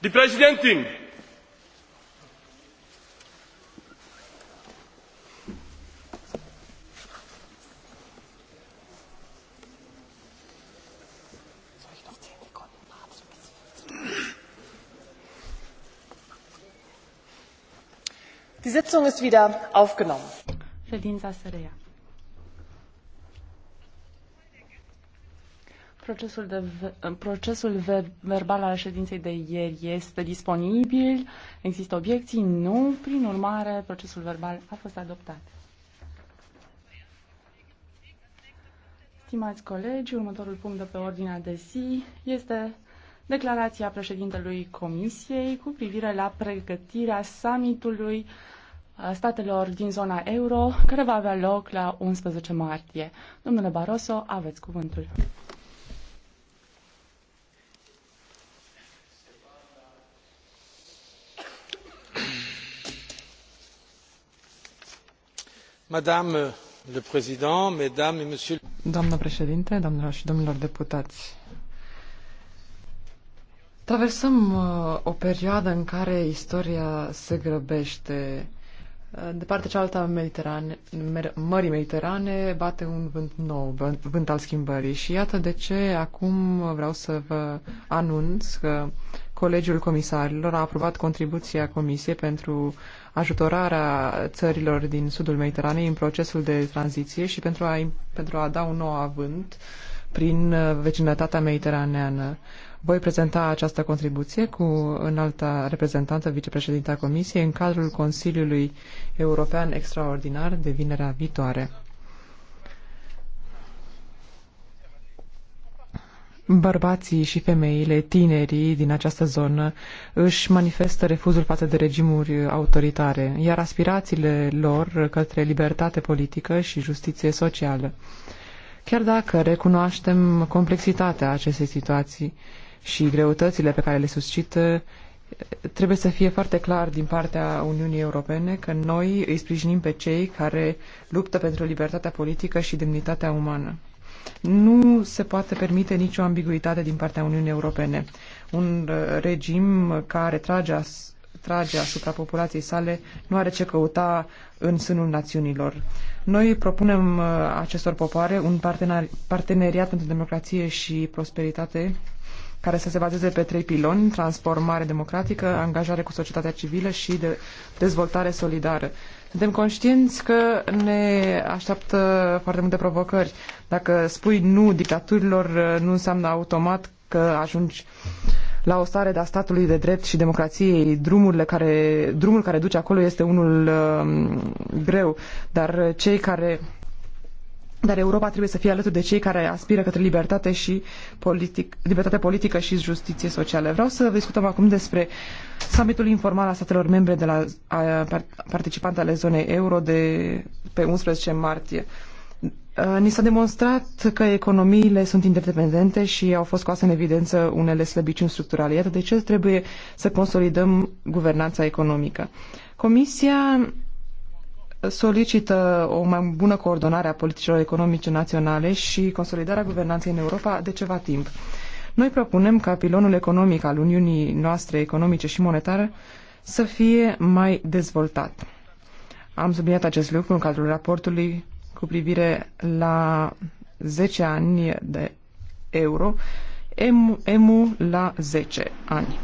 Die Präsidentin! Die Sitzung ist wieder aufgenommen. Ședința se reia. Procesul, de, procesul ver, verbal al ședinței de ieri este disponibil. Există obiecții? Nu. Prin urmare, procesul verbal a fost adoptat. Stimați colegi, următorul punct de pe ordinea de zi este declarația președintelui Comisiei cu privire la pregătirea summitului uh, statelor din zona euro, care va avea loc la 11 martie. Domnule Barroso, aveți cuvântul. doamnă președinte doamnelor și domnilor deputați traversăm uh, o perioadă în care istoria se grăbește uh, de partea cealaltă a Mării Mediterane bate un vânt nou, vânt al schimbării. Și iată de ce acum vreau să vă anunț că Colegiul Comisarilor a aprobat contribuția Comisiei pentru ajutorarea țărilor din sudul Mediteranei în procesul de tranziție și pentru a, pentru a da un nou avânt prin uh, vecinătatea mediteraneană. Voi prezenta această contribuție cu înalta reprezentantă, vicepreședinta Comisiei, în cadrul Consiliului European Extraordinar de vinerea viitoare. bărbații și femeile, tinerii din această zonă își manifestă refuzul față de regimuri autoritare, iar aspirațiile lor către libertate politică și justiție socială. Chiar dacă recunoaștem complexitatea acestei situații și greutățile pe care le suscită, trebuie să fie foarte clar din partea Uniunii Europene că noi îi sprijinim pe cei care luptă pentru libertatea politică și demnitatea umană. Nu se poate permite nicio ambiguitate din partea Uniunii Europene. Un uh, regim care trage, as, trage asupra populației sale nu are ce căuta în sânul națiunilor. Noi propunem uh, acestor popoare un parteneriat pentru democrație și prosperitate care să se bazeze pe trei piloni, transformare democratică, angajare cu societatea civilă și de dezvoltare solidară. Suntem conștienți că ne așteaptă foarte multe provocări. Dacă spui nu dictaturilor, nu înseamnă automat că ajungi la o stare de a statului de drept și democrației. Drumurile care, drumul care duce acolo este unul uh, greu, dar cei care dar Europa trebuie să fie alături de cei care aspiră către libertate și politic, libertate politică și justiție socială. Vreau să discutăm acum despre summitul informal a statelor membre de la a, participante ale zonei euro de pe 11 martie. Ni s-a demonstrat că economiile sunt interdependente și au fost scoase în evidență unele slăbiciuni structurale. Iată de ce trebuie să consolidăm guvernanța economică. Comisia solicită o mai bună coordonare a politicilor economice naționale și consolidarea guvernanței în Europa de ceva timp. Noi propunem ca pilonul economic al Uniunii noastre economice și monetare să fie mai dezvoltat. Am subliniat acest lucru în cadrul raportului cu privire la 10 ani de euro, EMU, EMU la 10 ani.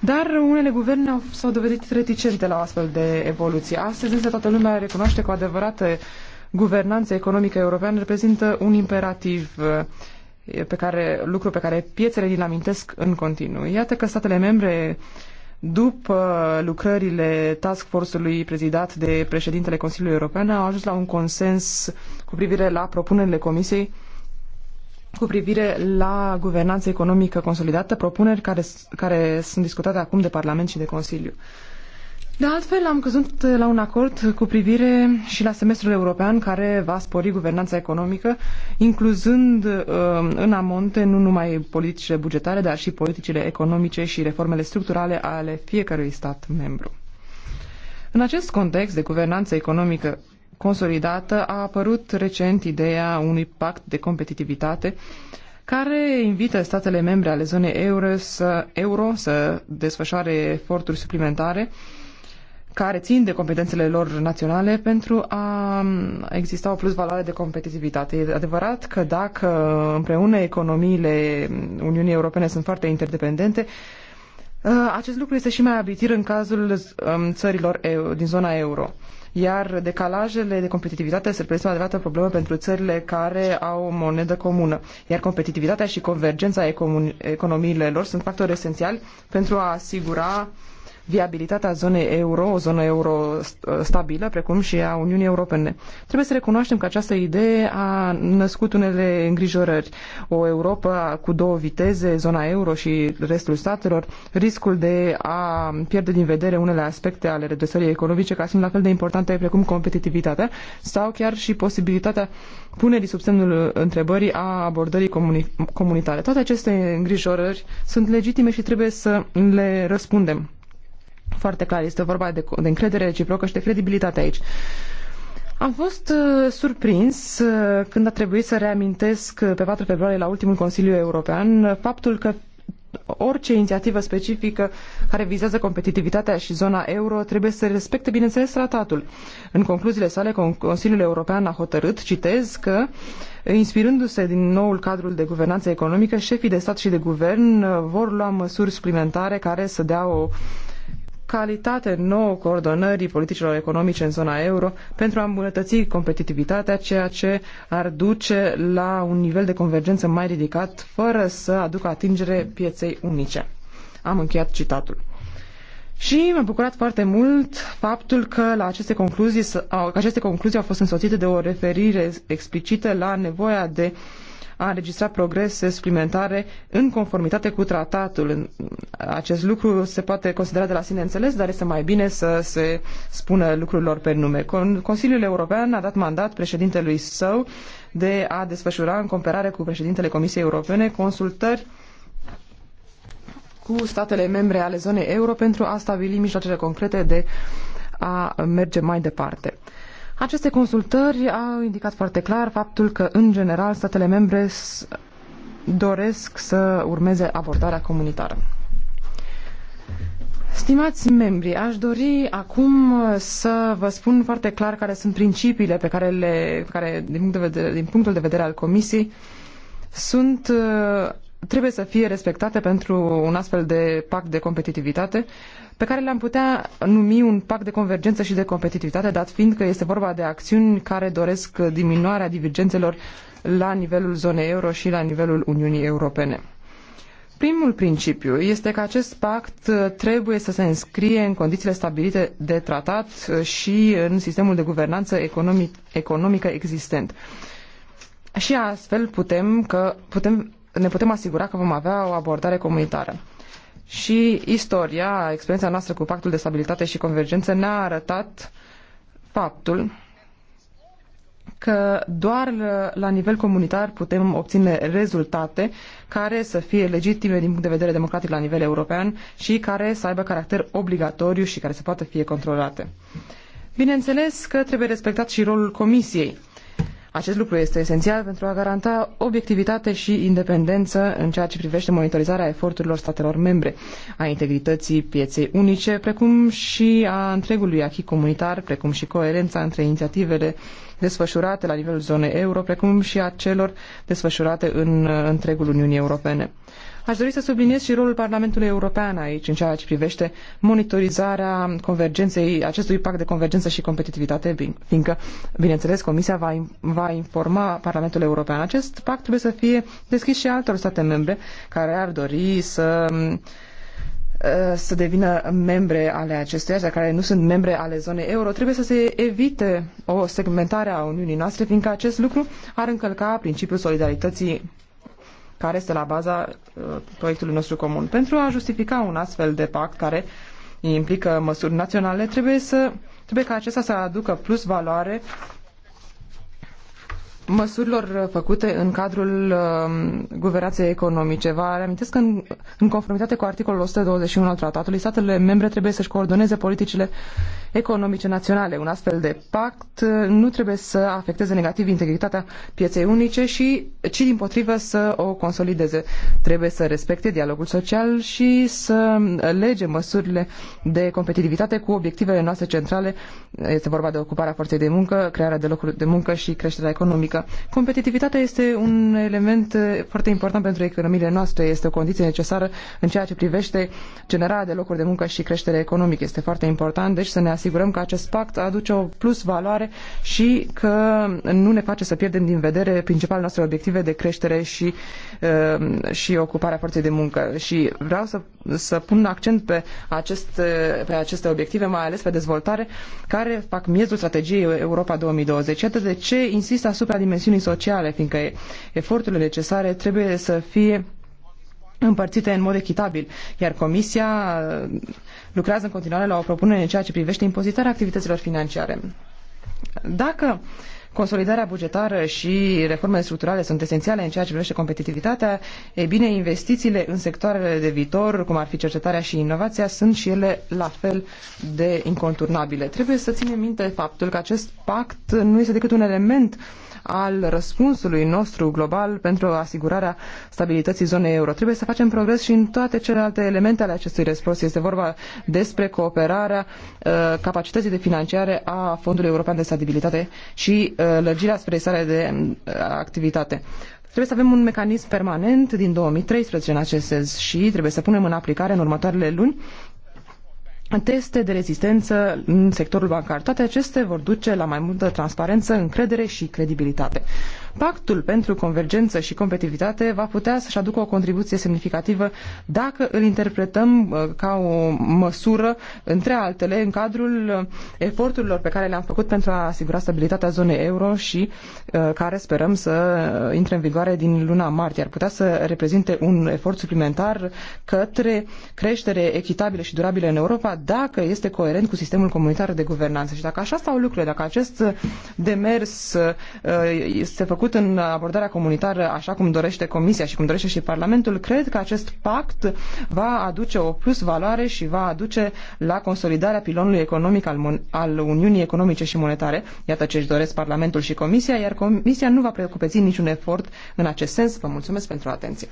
Dar unele guverne s-au dovedit reticente la o astfel de evoluție. Astăzi însă toată lumea recunoaște cu adevărat adevărată economică europeană reprezintă un imperativ eh, pe care, lucru pe care piețele îl amintesc în continuu. Iată că statele membre după lucrările task force-ului prezidat de președintele Consiliului European, au ajuns la un consens cu privire la propunerile Comisiei cu privire la guvernanță economică consolidată, propuneri care, care sunt discutate acum de Parlament și de Consiliu. De altfel, am căzut la un acord cu privire și la semestrul european care va spori guvernanța economică, incluzând um, în amonte nu numai politicile bugetare, dar și politicile economice și reformele structurale ale fiecărui stat membru. În acest context de guvernanță economică consolidată, a apărut recent ideea unui pact de competitivitate care invită statele membre ale zonei euro să, euro să desfășoare eforturi suplimentare care țin de competențele lor naționale pentru a exista o plus valoare de competitivitate. E adevărat că dacă împreună economiile Uniunii Europene sunt foarte interdependente, ă, acest lucru este și mai abitir în cazul ă, țărilor din zona euro iar decalajele de competitivitate se prezintă o adevărată problemă pentru țările care au o monedă comună, iar competitivitatea și convergența economiilor sunt factori esențiali pentru a asigura viabilitatea zonei euro, o zonă euro stabilă, precum și a Uniunii Europene. Trebuie să recunoaștem că această idee a născut unele îngrijorări. O Europa cu două viteze, zona euro și restul statelor, riscul de a pierde din vedere unele aspecte ale redresării economice ca sunt la fel de importante precum competitivitatea sau chiar și posibilitatea punerii sub semnul întrebării a abordării comuni- comunitare. Toate aceste îngrijorări sunt legitime și trebuie să le răspundem. Foarte clar, este vorba de, de încredere reciprocă și de credibilitate aici. Am fost uh, surprins uh, când a trebuit să reamintesc uh, pe 4 februarie la ultimul Consiliu European uh, faptul că orice inițiativă specifică care vizează competitivitatea și zona euro trebuie să respecte, bineînțeles, tratatul. În concluziile sale, Consiliul European a hotărât, citez, că inspirându-se din noul cadru de guvernanță economică, șefii de stat și de guvern uh, vor lua măsuri suplimentare care să dea o calitate nouă coordonării politicilor economice în zona euro pentru a îmbunătăți competitivitatea, ceea ce ar duce la un nivel de convergență mai ridicat, fără să aducă atingere pieței unice. Am încheiat citatul. Și m-a bucurat foarte mult faptul că la aceste concluzii, că aceste concluzii au fost însoțite de o referire explicită la nevoia de uh, a înregistrat progrese suplimentare în conformitate cu tratatul. Acest lucru se poate considera de la sine înțeles, dar este mai bine să se spună lucrurilor pe nume. Consiliul European a dat mandat președintelui său de a desfășura în comparare cu președintele Comisiei Europene consultări cu statele membre ale zonei euro pentru a stabili mijloacele concrete de a merge mai departe. Aceste consultări au indicat foarte clar faptul că, în general, statele membre doresc să urmeze abordarea comunitară. Stimați membri, aș dori acum să vă spun foarte clar care sunt principiile pe care, le, care din, punct de vedere, din punctul de vedere al Comisiei, sunt trebuie să fie respectate pentru un astfel de pact de competitivitate pe care l-am putea numi un pact de convergență și de competitivitate, dat fiind că este vorba de acțiuni care doresc diminuarea divergențelor la nivelul zonei euro și la nivelul Uniunii Europene. Primul principiu este că acest pact trebuie să se înscrie în condițiile stabilite de tratat și în sistemul de guvernanță economic, economică existent. Și astfel putem, că, putem ne putem asigura că vom avea o abordare comunitară. Și istoria, experiența noastră cu Pactul de Stabilitate și Convergență ne-a arătat faptul că doar la nivel comunitar putem obține rezultate care să fie legitime din punct de vedere democratic la nivel european și care să aibă caracter obligatoriu și care să poată fi controlate. Bineînțeles că trebuie respectat și rolul Comisiei acest lucru este esențial pentru a garanta obiectivitate și independență în ceea ce privește monitorizarea eforturilor statelor membre, a integrității pieței unice, precum și a întregului achii comunitar, precum și coerența între inițiativele desfășurate la nivelul zonei euro, precum și a celor desfășurate în uh, întregul Uniunii Europene. Aș dori să subliniez și rolul Parlamentului European aici, în ceea ce privește monitorizarea convergenței, acestui pact de convergență și competitivitate, fiindcă, bineînțeles, Comisia va, va informa Parlamentul European. Acest pact trebuie să fie deschis și altor state membre care ar dori să eh, să devină membre ale acestuia, dar care nu sunt membre ale zonei euro, trebuie să se evite o segmentare a Uniunii noastre, fiindcă acest lucru ar încălca principiul solidarității care este la baza uh, proiectului nostru comun. Pentru a justifica un astfel de pact care implică măsuri naționale, trebuie, să, trebuie ca acesta să aducă plus valoare măsurilor făcute în cadrul um, guvernației economice. Vă reamintesc că în, în conformitate cu articolul 121 al tratatului, statele membre trebuie să-și coordoneze politicile economice naționale. Un astfel de pact uh, nu trebuie să afecteze negativ integritatea pieței unice și, ci din potrivă, să o consolideze. Trebuie să respecte dialogul social și să lege măsurile de competitivitate cu obiectivele noastre centrale. Este vorba de ocuparea forței de muncă, crearea de locuri de muncă și creșterea economică muncă. Competitivitatea este un element eh, foarte important pentru economiile noastre, este o condiție necesară în ceea ce privește generarea de locuri de muncă și creștere economică. Este foarte important, deci, să ne asigurăm că acest pact aduce o plus valoare și că nu ne face să pierdem din vedere principalele noastre obiective de creștere și, eh, și ocuparea forței de muncă. Și vreau să, să pun accent pe aceste, eh, pe aceste obiective, mai ales pe dezvoltare, care fac miezul strategiei Europa 2020. Iată de ce insist asupra dimensiunii sociale, fiindcă eforturile necesare trebuie să fie împărțite în mod echitabil, iar Comisia uh, lucrează în continuare la o propunere în ceea ce privește impozitarea activităților financiare. Dacă consolidarea bugetară și reformele structurale sunt esențiale în ceea ce privește competitivitatea, e bine, investițiile în sectoarele de viitor, cum ar fi cercetarea și inovația, sunt și ele la fel de inconturnabile. Trebuie să ținem minte faptul că acest pact nu este decât un element uh, al răspunsului nostru global pentru asigurarea stabilității zonei euro. Trebuie să facem progres și în toate celelalte elemente ale acestui răspuns. Este vorba despre cooperarea uh, capacității de financiare a Fondului European de Stabilitate și uh, lărgirea spre stare de uh, activitate. Trebuie să avem un mecanism permanent din 2013 în acest sens și trebuie să punem în aplicare în următoarele luni teste de rezistență în sectorul bancar. Toate acestea vor duce la mai multă transparență, încredere și credibilitate. Pactul pentru convergență și competitivitate va putea să-și aducă o contribuție semnificativă dacă îl interpretăm uh, ca o măsură, între altele, în cadrul uh, eforturilor pe care le-am făcut pentru a asigura stabilitatea zonei euro și uh, care sperăm să intre în vigoare din luna martie. Ar putea să reprezinte un efort suplimentar către creștere echitabilă și durabilă în Europa dacă este coerent cu sistemul comunitar de guvernanță. Și dacă așa stau lucrurile, dacă acest demers este făcut făcut în abordarea comunitară așa cum dorește Comisia și cum dorește și Parlamentul, cred că acest pact va aduce o plus valoare și va aduce la consolidarea pilonului economic al, Mon al Uniunii Economice și Monetare. Iată ce își doresc Parlamentul și Comisia, iar Comisia nu va preocupeți niciun efort în acest sens. Vă mulțumesc pentru atenție.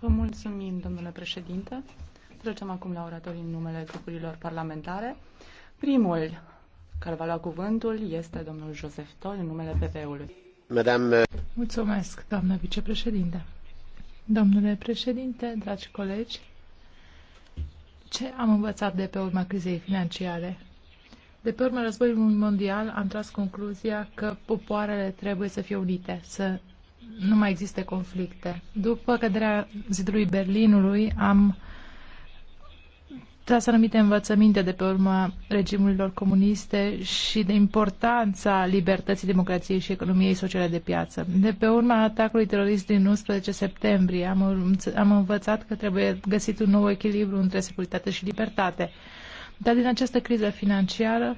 Vă mulțumim, domnule președinte. Trecem acum la oratorii în numele grupurilor parlamentare. Primul care va lua cuvântul este domnul Joseph Tol în numele PP-ului. Madame... Mulțumesc, doamnă vicepreședinte. Domnule președinte, dragi colegi, ce am învățat de pe urma crizei financiare? De pe urma războiului mondial am tras concluzia că popoarele trebuie să fie unite, să nu mai existe conflicte. După căderea zidului Berlinului am tras anumite învățăminte de pe urma regimurilor comuniste și de importanța libertății, democrației și economiei sociale de piață. De pe urma atacului terorist din 11 septembrie am, am învățat că trebuie găsit un nou echilibru între securitate și libertate. Dar din această criză financiară,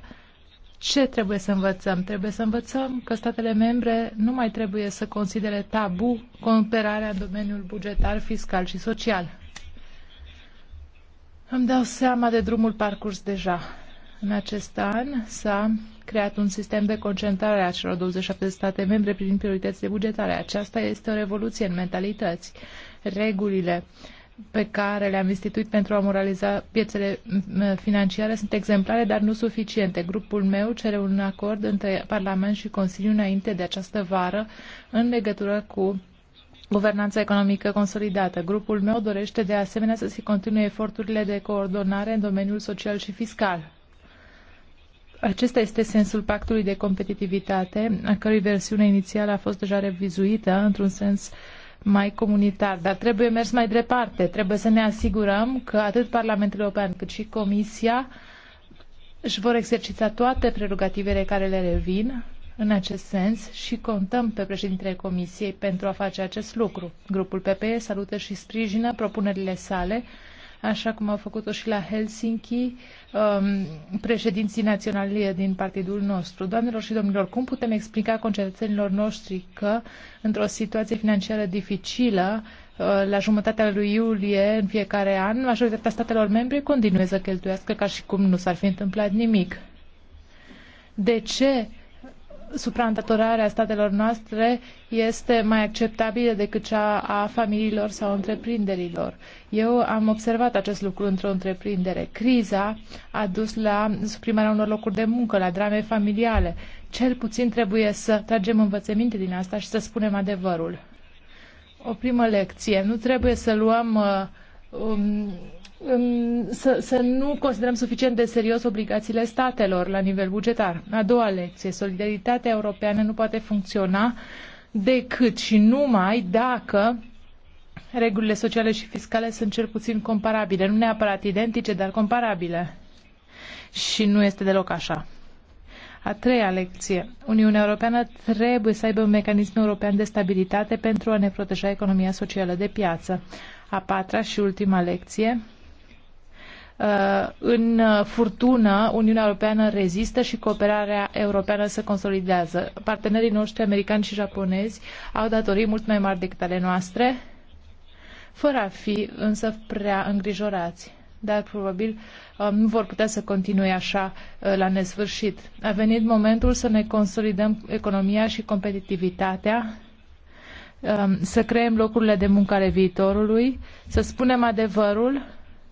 ce trebuie să învățăm? Trebuie să învățăm că statele membre nu mai trebuie să considere tabu cooperarea în domeniul bugetar, fiscal și social îmi dau seama de drumul parcurs deja. În acest an s-a creat un sistem de concentrare a celor 27 de state membre prin priorități de bugetare. Aceasta este o revoluție în mentalități. Regulile pe care le-am instituit pentru a moraliza piețele financiare sunt exemplare, dar nu suficiente. Grupul meu cere un acord între Parlament și Consiliu înainte de această vară în legătură cu Guvernanța economică consolidată. Grupul meu dorește de asemenea să se continue eforturile de coordonare în domeniul social și fiscal. Acesta este sensul pactului de competitivitate, a cărui versiune inițială a fost deja revizuită într-un sens mai comunitar, dar trebuie mers mai departe. Trebuie să ne asigurăm că atât Parlamentul European cât și Comisia își vor exercita toate prerogativele care le revin în acest sens și contăm pe președintele Comisiei pentru a face acest lucru. Grupul PPE salută și sprijină propunerile sale, așa cum au făcut-o și la Helsinki um, președinții naționali din partidul nostru. Doamnelor și domnilor, cum putem explica concetățenilor noștri că, într-o situație financiară dificilă, uh, la jumătatea lui iulie în fiecare an, majoritatea statelor membre continuă să cheltuiască ca și cum nu s-ar fi întâmplat nimic? De ce supraîndatorarea statelor noastre este mai acceptabilă decât cea a familiilor sau întreprinderilor. Eu am observat acest lucru într-o întreprindere. Criza a dus la suprimarea unor locuri de muncă, la drame familiale. Cel puțin trebuie să tragem învățăminte din asta și să spunem adevărul. O primă lecție. Nu trebuie să luăm uh, um, să, să nu considerăm suficient de serios obligațiile statelor la nivel bugetar. A doua lecție, solidaritatea europeană nu poate funcționa decât și numai dacă regulile sociale și fiscale sunt cel puțin comparabile, nu neapărat identice, dar comparabile. Și nu este deloc așa. A treia lecție. Uniunea Europeană trebuie să aibă un mecanism european de stabilitate pentru a ne proteja economia socială de piață. A patra și ultima lecție Uh, în furtună, Uniunea Europeană rezistă și cooperarea europeană se consolidează. Partenerii noștri americani și japonezi au datorii mult mai mari decât ale noastre, fără a fi însă prea îngrijorați. Dar probabil uh, nu vor putea să continue așa uh, la nesfârșit. A venit momentul să ne consolidăm economia și competitivitatea um, să creăm locurile de muncă ale viitorului, să spunem adevărul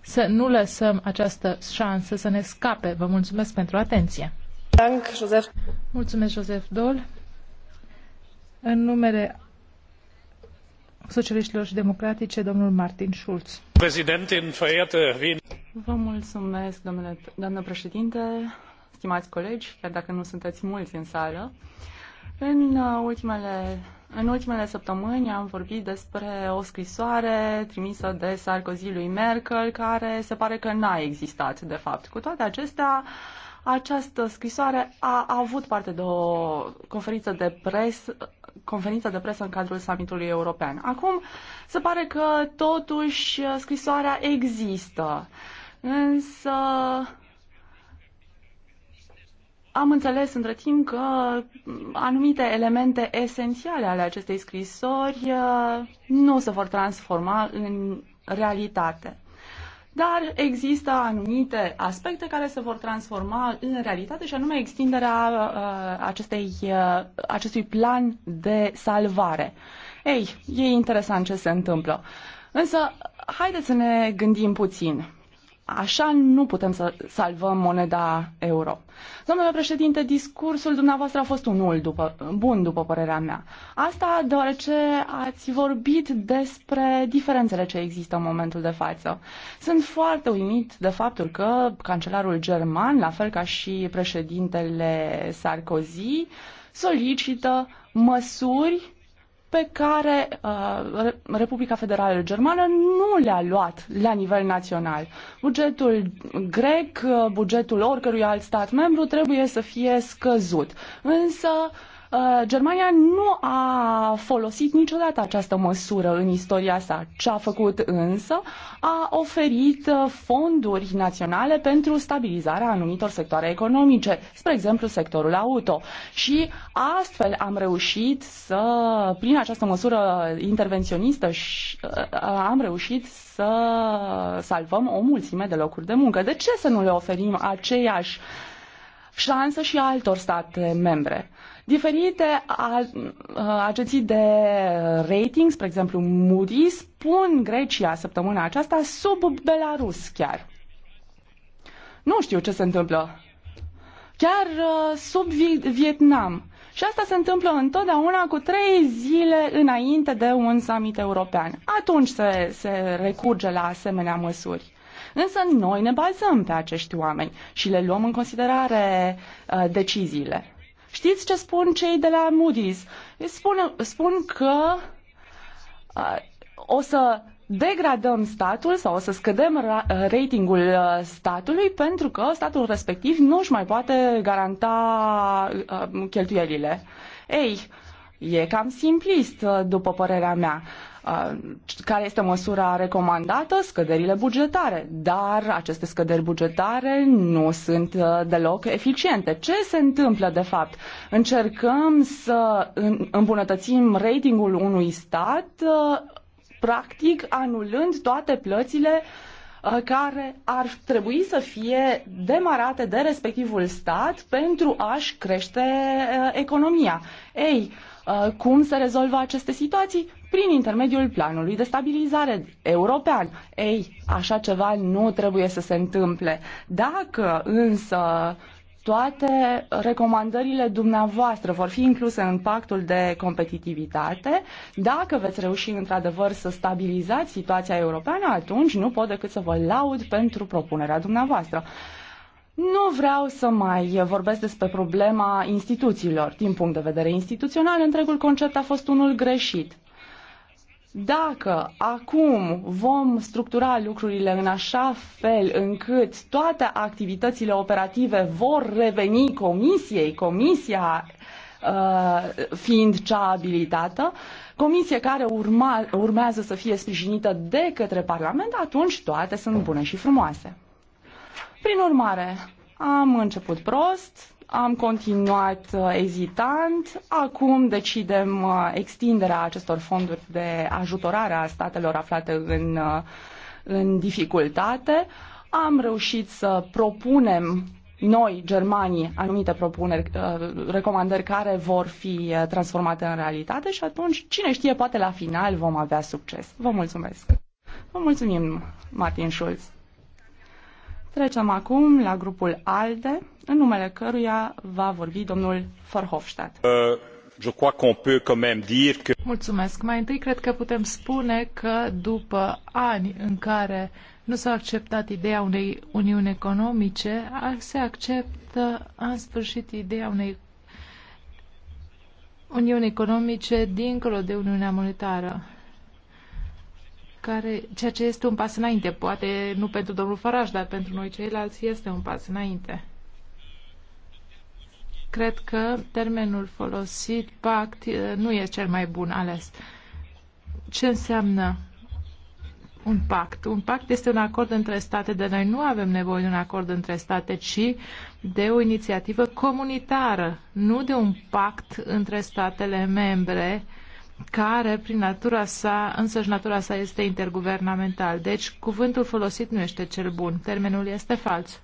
să nu lăsăm această șansă să ne scape. Vă mulțumesc pentru atenție. Mulțumesc, Joseph, mulțumesc, Joseph Dol. În numele socialiștilor și democratice, domnul Martin Schulz. Vă mulțumesc, domnule, doamnă președinte, stimați colegi, chiar dacă nu sunteți mulți în sală. În uh, ultimele în ultimele săptămâni am vorbit despre o scrisoare trimisă de Sarkozy lui Merkel, care se pare că n-a existat, de fapt. Cu toate acestea, această scrisoare a, avut parte de o conferință de presă conferința de presă în cadrul summitului european. Acum se pare că totuși scrisoarea există, însă am înțeles între timp că anumite elemente esențiale ale acestei scrisori uh, nu se vor transforma în realitate. Dar există anumite aspecte care se vor transforma în realitate și anume extinderea uh, acestei, uh, acestui plan de salvare. Ei, e interesant ce se întâmplă. Însă, haideți să ne gândim puțin. Așa nu putem să salvăm moneda euro. Domnule președinte, discursul dumneavoastră a fost unul după, bun, după părerea mea. Asta deoarece ați vorbit despre diferențele ce există în momentul de față. Sunt foarte uimit de faptul că cancelarul german, la fel ca și președintele Sarkozy, solicită măsuri pe care uh, Republica Federală Germană nu le-a luat la nivel național. Bugetul grec, uh, bugetul oricărui alt stat membru trebuie să fie scăzut. Însă uh, Uh, Germania nu a folosit niciodată această măsură în istoria sa. Ce a făcut însă a oferit uh, fonduri naționale pentru stabilizarea anumitor sectoare economice, spre exemplu sectorul auto. Și astfel am reușit să, prin această măsură intervenționistă, uh, am reușit să salvăm o mulțime de locuri de muncă. De ce să nu le oferim aceeași șansă și altor state membre? Diferite uh, agenții de rating, spre exemplu Moody's, pun Grecia săptămâna aceasta sub Belarus chiar. Nu știu ce se întâmplă. Chiar uh, sub Vietnam. Și asta se întâmplă întotdeauna cu trei zile înainte de un summit european. Atunci se, se recurge la asemenea măsuri. Însă noi ne bazăm pe acești oameni și le luăm în considerare uh, deciziile. Știți ce spun cei de la Moody's? Spun, spun că o să degradăm statul sau o să scădem ratingul statului pentru că statul respectiv nu își mai poate garanta cheltuielile. Ei, e cam simplist, după părerea mea care este măsura recomandată? Scăderile bugetare. Dar aceste scăderi bugetare nu sunt uh, deloc eficiente. Ce se întâmplă, de fapt? Încercăm să îmbunătățim ratingul unui stat, uh, practic anulând toate plățile uh, care ar trebui să fie demarate de respectivul stat pentru a-și crește economia. Ei, Uh, cum se rezolvă aceste situații? Prin intermediul planului de stabilizare european. Ei, așa ceva nu trebuie să se întâmple. Dacă însă toate recomandările dumneavoastră vor fi incluse în pactul de competitivitate. Dacă veți reuși într-adevăr să stabilizați situația europeană, atunci nu pot decât să vă laud pentru propunerea dumneavoastră. Nu vreau să mai vorbesc despre problema instituțiilor. Din punct de vedere instituțional, întregul concept a fost unul greșit. Dacă acum vom structura lucrurile în așa fel încât toate activitățile operative vor reveni comisiei, comisia uh, fiind cea abilitată, comisie care urma, urmează să fie sprijinită de către Parlament, atunci toate sunt bune și frumoase. Prin urmare, am început prost, am continuat uh, ezitant, acum decidem uh, extinderea acestor fonduri de ajutorare a statelor aflate în, uh, în dificultate. Am reușit să propunem noi, germanii, anumite propuneri, recomandări care vor fi transformate în realitate și atunci, cine știe, poate la final vom avea succes. Vă mulțumesc! Vă mulțumim, Martin Schulz! Trecem acum la grupul ALDE, în numele căruia va vorbi domnul Verhofstadt. Uh. Je crois qu'on peut quand même dire que... Mulțumesc. Mai întâi cred că putem spune că după ani în care nu s-a acceptat ideea unei uniuni economice, se acceptă în sfârșit ideea unei uniuni economice dincolo de Uniunea Monetară care, ceea ce este un pas înainte. Poate nu pentru domnul Faraj, dar pentru noi ceilalți este un pas înainte. Cred că termenul folosit, pact, eh, nu e cel mai bun ales. Ce înseamnă un pact. Un pact este un acord între state, de noi nu avem nevoie de un acord între state, ci de o inițiativă comunitară, nu de un pact între statele membre care, prin natura sa, însăși natura sa este interguvernamental. Deci, cuvântul folosit nu este cel bun. Termenul este fals.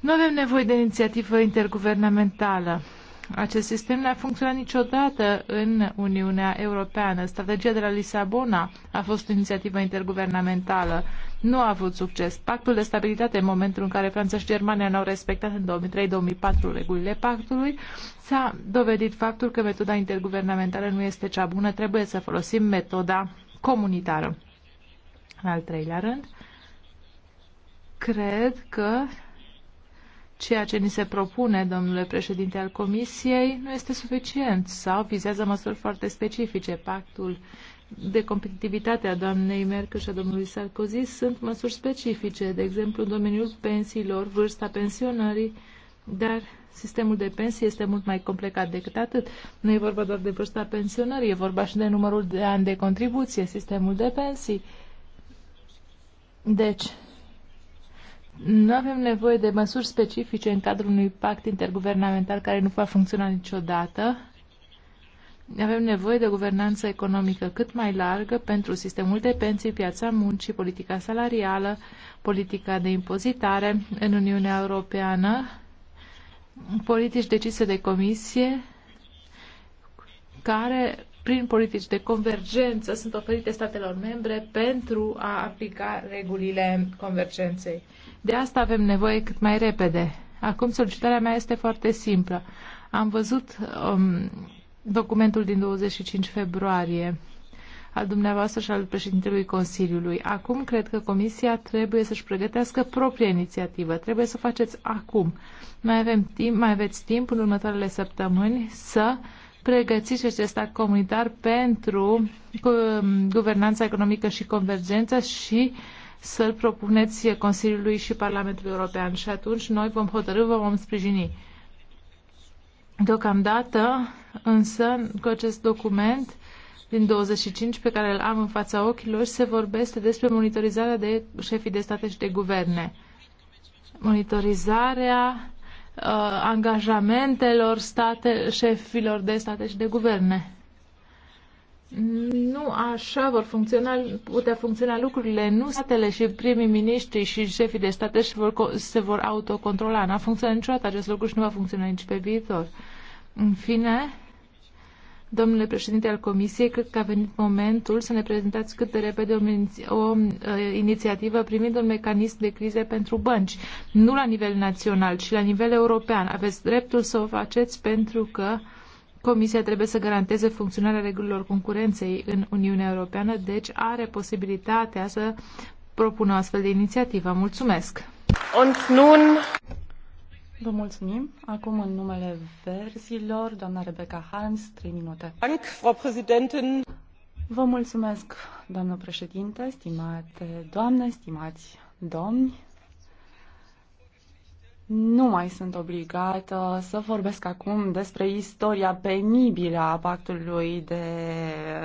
Nu avem nevoie de inițiativă interguvernamentală. Acest sistem nu a funcționat niciodată în Uniunea Europeană. Strategia de la Lisabona a fost o inițiativă interguvernamentală nu a avut succes. Pactul de stabilitate, în momentul în care Franța și Germania n-au respectat în 2003-2004 regulile pactului, s-a dovedit faptul că metoda interguvernamentală nu este cea bună, trebuie să folosim metoda comunitară. În al treilea rând, cred că ceea ce ni se propune, domnule președinte al Comisiei, nu este suficient sau vizează măsuri foarte specifice. Pactul de competitivitate a doamnei Merkel și a domnului Sarkozy sunt măsuri specifice, de exemplu în domeniul pensiilor, vârsta pensionării, dar sistemul de pensii este mult mai complicat decât atât. Nu e vorba doar de vârsta pensionării, e vorba și de numărul de ani de contribuție, sistemul de pensii. Deci, nu avem nevoie de măsuri specifice în cadrul unui pact interguvernamental care nu va funcționa niciodată avem nevoie de guvernanță economică cât mai largă pentru sistemul de pensii, piața muncii, politica salarială, politica de impozitare în Uniunea Europeană, politici decise de comisie, care prin politici de convergență sunt oferite statelor membre pentru a aplica regulile convergenței. De asta avem nevoie cât mai repede. Acum solicitarea mea este foarte simplă. Am văzut um, documentul din 25 februarie al dumneavoastră și al președintelui Consiliului. Acum cred că Comisia trebuie să-și pregătească propria inițiativă. Trebuie să o faceți acum. Mai, avem timp, mai aveți timp în următoarele săptămâni să pregătiți acest act comunitar pentru guvernanța economică și convergență și să-l propuneți Consiliului și Parlamentului European. Și atunci noi vom hotărâ, vă vom sprijini. Deocamdată, însă, cu acest document din 25 pe care îl am în fața ochilor, se vorbește despre monitorizarea de șefii de state și de guverne. Monitorizarea uh, angajamentelor state, șefilor de state și de guverne. Nu așa vor funcționa, putea funcționa lucrurile. Nu statele și primii miniștri și șefii de state se vor, se vor autocontrola. N-a funcționat niciodată acest lucru și nu va funcționa nici pe viitor. În fine, domnule președinte al Comisiei, cred că a venit momentul să ne prezentați cât de repede o, o uh, inițiativă primind un mecanism de crize pentru bănci. Nu la nivel național, ci la nivel european. Aveți dreptul să o faceți pentru că Comisia trebuie să garanteze funcționarea regulilor concurenței în Uniunea Europeană, deci are posibilitatea să propună astfel de inițiativă. Mulțumesc! Und nun... Vă mulțumim. Acum, în numele verzilor, doamna Rebecca Harms, 3 minute. Dank, Frau Präsidentin. Vă mulțumesc, doamnă președinte, stimate doamne, stimați domni nu mai sunt obligată să vorbesc acum despre istoria penibilă a pactului de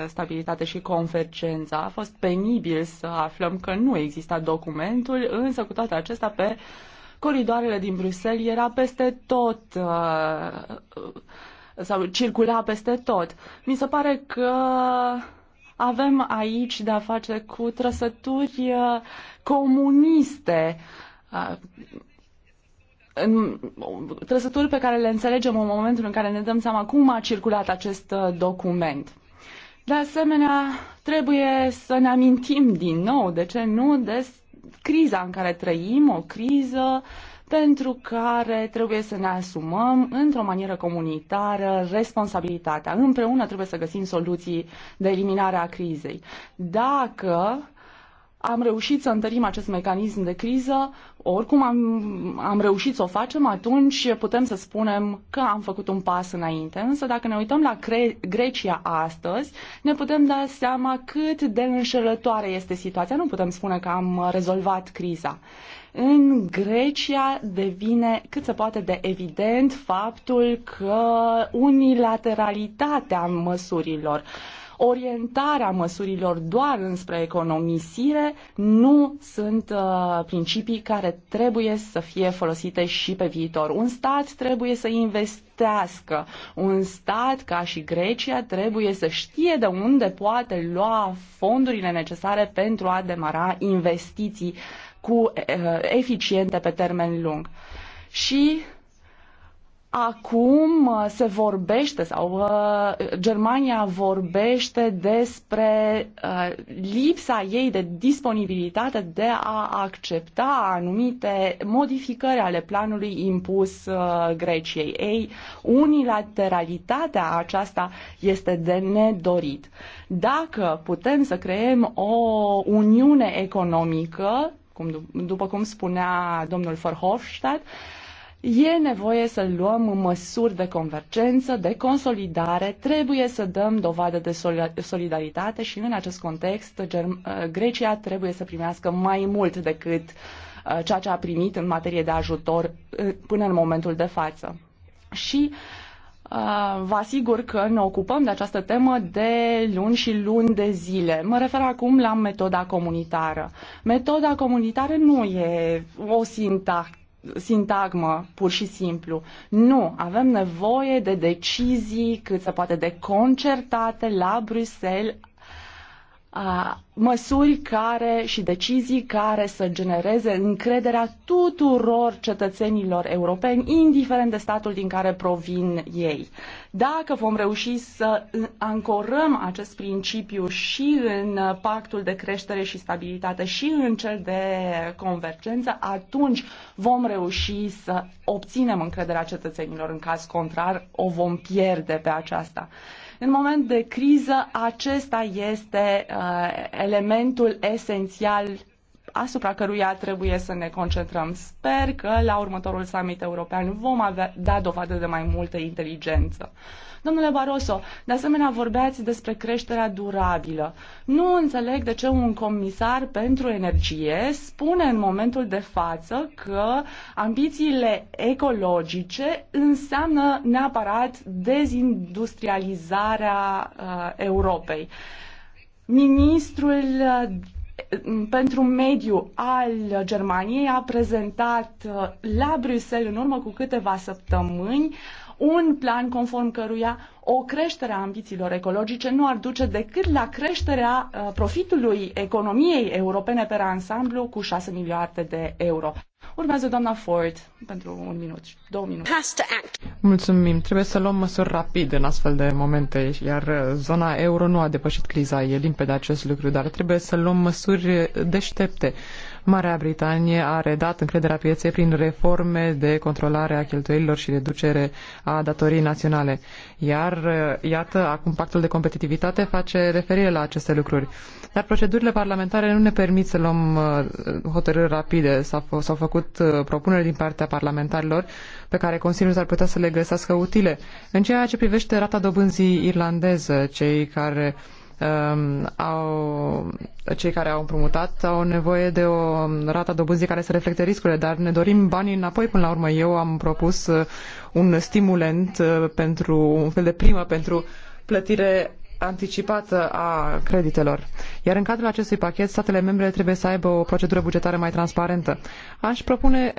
stabilitate și convergență. A fost penibil să aflăm că nu exista documentul, însă cu toate acestea pe coridoarele din Bruxelles era peste tot uh, sau circula peste tot. Mi se pare că avem aici de a face cu trăsături uh, comuniste uh, în trăsături pe care le înțelegem în momentul în care ne dăm seama cum a circulat acest uh, document. De asemenea, trebuie să ne amintim din nou, de ce nu, de criza în care trăim, o criză pentru care trebuie să ne asumăm într-o manieră comunitară responsabilitatea. Împreună trebuie să găsim soluții de eliminare a crizei. Dacă am reușit să întărim acest mecanism de criză, oricum am, am reușit să o facem, atunci putem să spunem că am făcut un pas înainte. Însă dacă ne uităm la Gre- Grecia astăzi, ne putem da seama cât de înșelătoare este situația. Nu putem spune că am rezolvat criza. În Grecia devine cât se poate de evident faptul că unilateralitatea măsurilor uh, orientarea măsurilor doar înspre economisire nu sunt uh, principii care trebuie să fie folosite și pe viitor. Un stat trebuie să investească. Un stat, ca și Grecia, trebuie să știe de unde poate lua fondurile necesare pentru a demara investiții cu uh, eficiente pe termen lung. Și Acum uh, se vorbește sau uh, Germania vorbește despre uh, lipsa ei de disponibilitate de a accepta anumite modificări ale planului impus uh, Greciei. Ei, unilateralitatea aceasta este de nedorit. Dacă putem să creăm o uniune economică, cum, după cum spunea domnul Verhofstadt, uh, E nevoie să luăm măsuri de convergență, de consolidare, trebuie să dăm dovadă de solidaritate și în acest context uh, Grecia trebuie să primească mai mult decât uh, ceea ce a primit în materie de ajutor uh, până în momentul de față. Și Vă asigur că ne ocupăm de această temă de luni și luni de zile. Mă refer acum la metoda comunitară. Metoda comunitară nu e o sintactă sintagmă, pur și simplu. Nu, avem nevoie de decizii cât se poate de concertate la Bruxelles măsuri care și decizii care să genereze încrederea tuturor cetățenilor europeni, indiferent de statul din care provin ei. Dacă vom reuși să ancorăm acest principiu și în pactul de creștere și stabilitate și în cel de convergență, atunci vom reuși să obținem încrederea cetățenilor. În caz contrar, o vom pierde pe aceasta. În moment de criză, acesta este uh, elementul esențial asupra căruia trebuie să ne concentrăm. Sper că la următorul summit european vom avea, da dovadă de mai multă inteligență. Domnule Barroso, de asemenea vorbeați despre creșterea durabilă. Nu înțeleg de ce un comisar pentru energie spune în momentul de față că ambițiile ecologice înseamnă neapărat dezindustrializarea uh, Europei. Ministrul uh, pentru mediu al Germaniei a prezentat uh, la Bruxelles în urmă cu câteva săptămâni un plan conform căruia o creștere a ambițiilor ecologice nu ar duce decât la creșterea uh, profitului economiei europene pe ansamblu cu 6 miliarde de euro. Urmează doamna Ford pentru un minut, două minute. Mulțumim. Trebuie să luăm măsuri rapide în astfel de momente, iar uh, zona euro nu a depășit criza, e limpede acest lucru, dar trebuie să luăm măsuri deștepte. Marea Britanie a redat încrederea pieței prin reforme de controlare a cheltuielilor și reducere a datoriei naționale. Iar, uh, iată, acum pactul de competitivitate face referire la aceste lucruri. Dar procedurile parlamentare nu ne permit să luăm uh, hotărâri rapide. S-au făcut uh, propuneri din partea parlamentarilor pe care Consiliul s-ar putea să le găsească utile. În ceea ce privește rata dobânzii irlandeză, cei care uh, Um, au, cei care au împrumutat au nevoie de o rată dobânzii care să reflecte riscurile, dar ne dorim banii înapoi până la urmă. Eu am propus uh, un stimulent uh, pentru un fel de primă pentru plătire anticipată a creditelor. Iar în cadrul acestui pachet, statele membre trebuie să aibă o procedură bugetară mai transparentă. Aș propune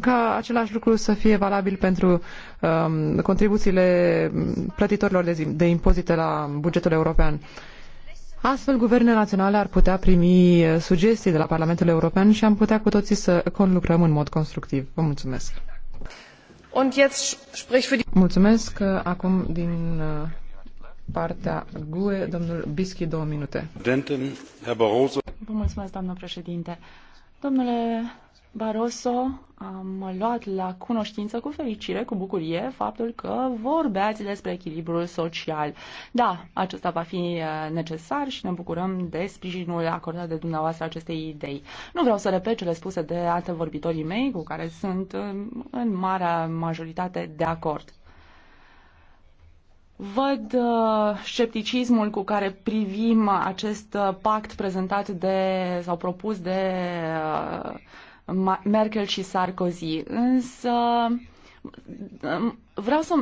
ca același lucru să fie valabil pentru um, contribuțiile plătitorilor de, zi, de impozite la bugetul european. Astfel, guvernele naționale ar putea primi uh, sugestii de la Parlamentul European și am putea cu toții să conlucrăm în mod constructiv. Vă mulțumesc! Mulțumesc! Uh, acum, din uh, partea GUE, domnul Bischi, două minute. Vă mulțumesc, doamnă președinte. Domnule Barroso, am luat la cunoștință cu fericire, cu bucurie, faptul că vorbeați despre echilibrul social. Da, acesta va fi eh, necesar și ne bucurăm de sprijinul acordat de dumneavoastră acestei idei. Nu vreau să repet cele spuse de alte vorbitorii mei, cu care sunt eh, în marea majoritate de acord. Văd uh, scepticismul cu care privim acest uh, pact prezentat de sau propus de uh, Merkel și Sarkozy. Însă vreau să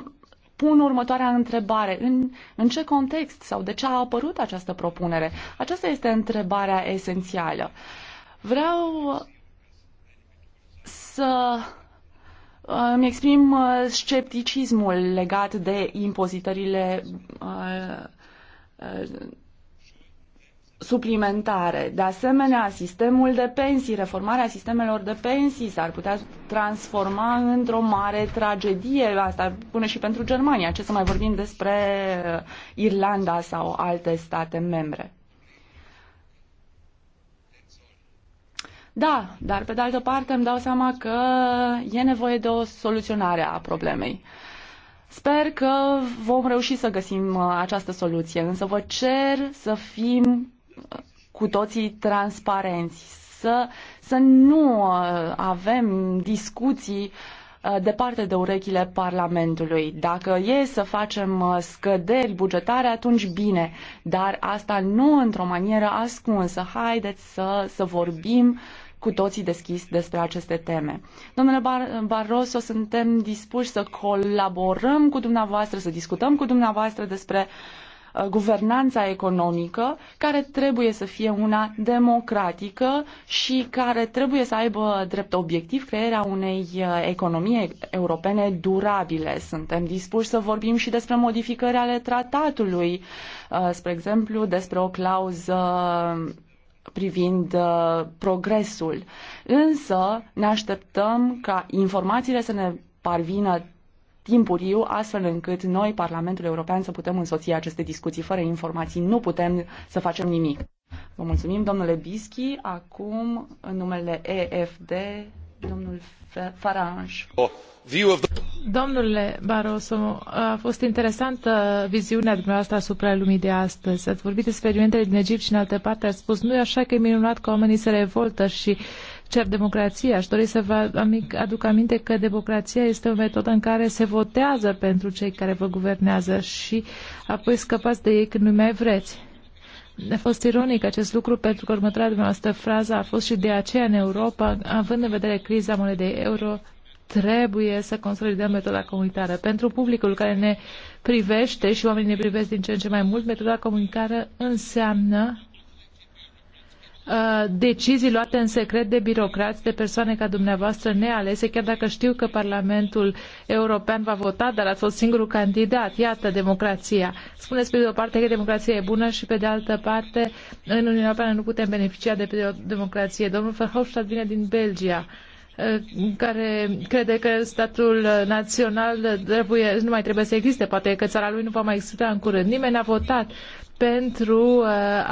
pun următoarea întrebare. În, în ce context sau de ce a apărut această propunere? Aceasta este întrebarea esențială. Vreau să îmi exprim uh, scepticismul legat de impozitările uh, uh, suplimentare. De asemenea, sistemul de pensii, reformarea sistemelor de pensii s-ar putea transforma într-o mare tragedie, asta până și pentru Germania, ce să mai vorbim despre Irlanda sau alte state membre. Da, dar pe de altă parte îmi dau seama că e nevoie de o soluționare a problemei. Sper că vom reuși să găsim uh, această soluție, însă vă cer să fim cu toții transparenți, să, să nu uh, avem discuții uh, departe de urechile Parlamentului. Dacă e să facem uh, scăderi bugetare, atunci bine, dar asta nu într-o manieră ascunsă. Haideți să, să vorbim cu toții deschis despre aceste teme. Domnule Bar- Barroso, suntem dispuși să colaborăm cu dumneavoastră, să discutăm cu dumneavoastră despre uh, guvernanța economică, care trebuie să fie una democratică și care trebuie să aibă drept obiectiv crearea unei uh, economii europene durabile. Suntem dispuși să vorbim și despre modificări ale tratatului, uh, spre exemplu, despre o clauză privind uh, progresul. Însă ne așteptăm ca informațiile să ne parvină timpuriu, astfel încât noi, Parlamentul European, să putem însoți aceste discuții. Fără informații nu putem să facem nimic. Vă mulțumim, domnule Bischi. Acum, în numele EFD, domnul Faranj. Oh, domnule Barroso, a fost interesantă viziunea dumneavoastră asupra lumii de astăzi. Ați vorbit despre experimentele din Egipt și în alte parte, ați spus, nu e așa că e minunat că oamenii se revoltă și cer democrație. Aș dori să vă aduc aminte că democrația este o metodă în care se votează pentru cei care vă guvernează și apoi scăpați de ei când nu mai vreți. A fost ironic acest lucru pentru că următoarea dumneavoastră frază a fost și de aceea în Europa, având în vedere criza monedei euro, trebuie să consolidăm metoda comunitară. Pentru publicul care ne privește și oamenii ne privesc din ce în ce mai mult, metoda comunitară înseamnă Uh, decizii luate în secret de birocrați, de persoane ca dumneavoastră nealese, chiar dacă știu că Parlamentul European va vota, dar ați fost singurul candidat. Iată democrația. Spuneți pe de o parte că democrația e bună și pe de altă parte în Uniunea Europeană nu putem beneficia de democrație. Domnul Verhofstadt vine din Belgia uh, care crede că statul național trebuie, nu mai trebuie să existe, poate că țara lui nu va mai exista în curând. Nimeni n-a votat pentru uh,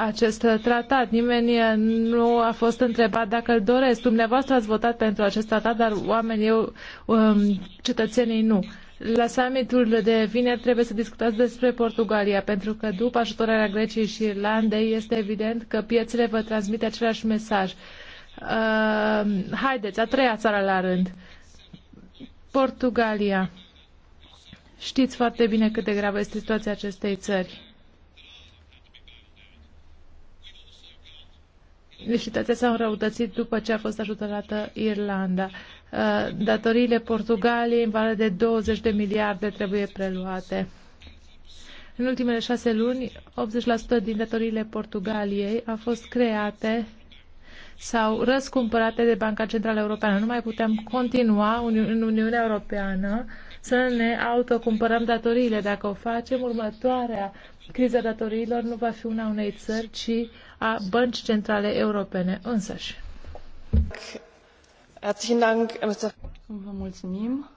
acest tratat. Nimeni uh, nu a fost întrebat dacă îl doresc. Dumneavoastră ați votat pentru acest tratat, dar oamenii, eu, um, cetățenii nu. La summitul de vineri trebuie să discutați despre Portugalia, pentru că după ajutorarea Greciei și Irlandei este evident că piețele vă transmit același mesaj. Uh, haideți, a treia țară la rând. Portugalia. Știți foarte bine cât de gravă este situația acestei țări situația s-a înrăutățit după ce a fost ajutată Irlanda. Uh, datoriile Portugaliei în valoare de 20 de miliarde trebuie preluate. În ultimele șase luni, 80% din datoriile Portugaliei au fost create sau răscumpărate de Banca Centrală Europeană. Nu mai putem continua în Uniunea Europeană să ne autocumpărăm datoriile. Dacă o facem, următoarea Criza datoriilor nu va fi una unei țări, ci a băncii centrale europene însăși. Vă mulțumim.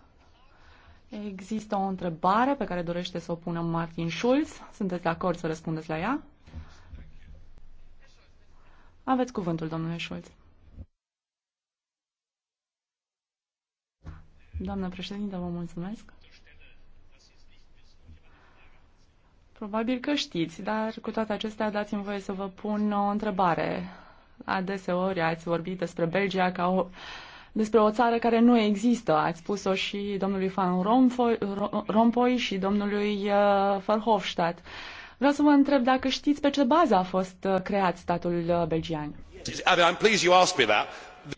Există o întrebare pe care dorește să o pună Martin Schulz. Sunteți de acord să răspundeți la ea? Aveți cuvântul, domnule Schulz. Doamnă președinte, vă mulțumesc. Probabil că știți, dar cu toate acestea dați-mi voie să vă pun o întrebare. Adeseori ați vorbit despre Belgia ca o, despre o țară care nu există. Ați spus-o și domnului Van Rompuy și domnului uh, Verhofstadt. Vreau să vă întreb dacă știți pe ce bază a fost uh, creat statul uh, belgian.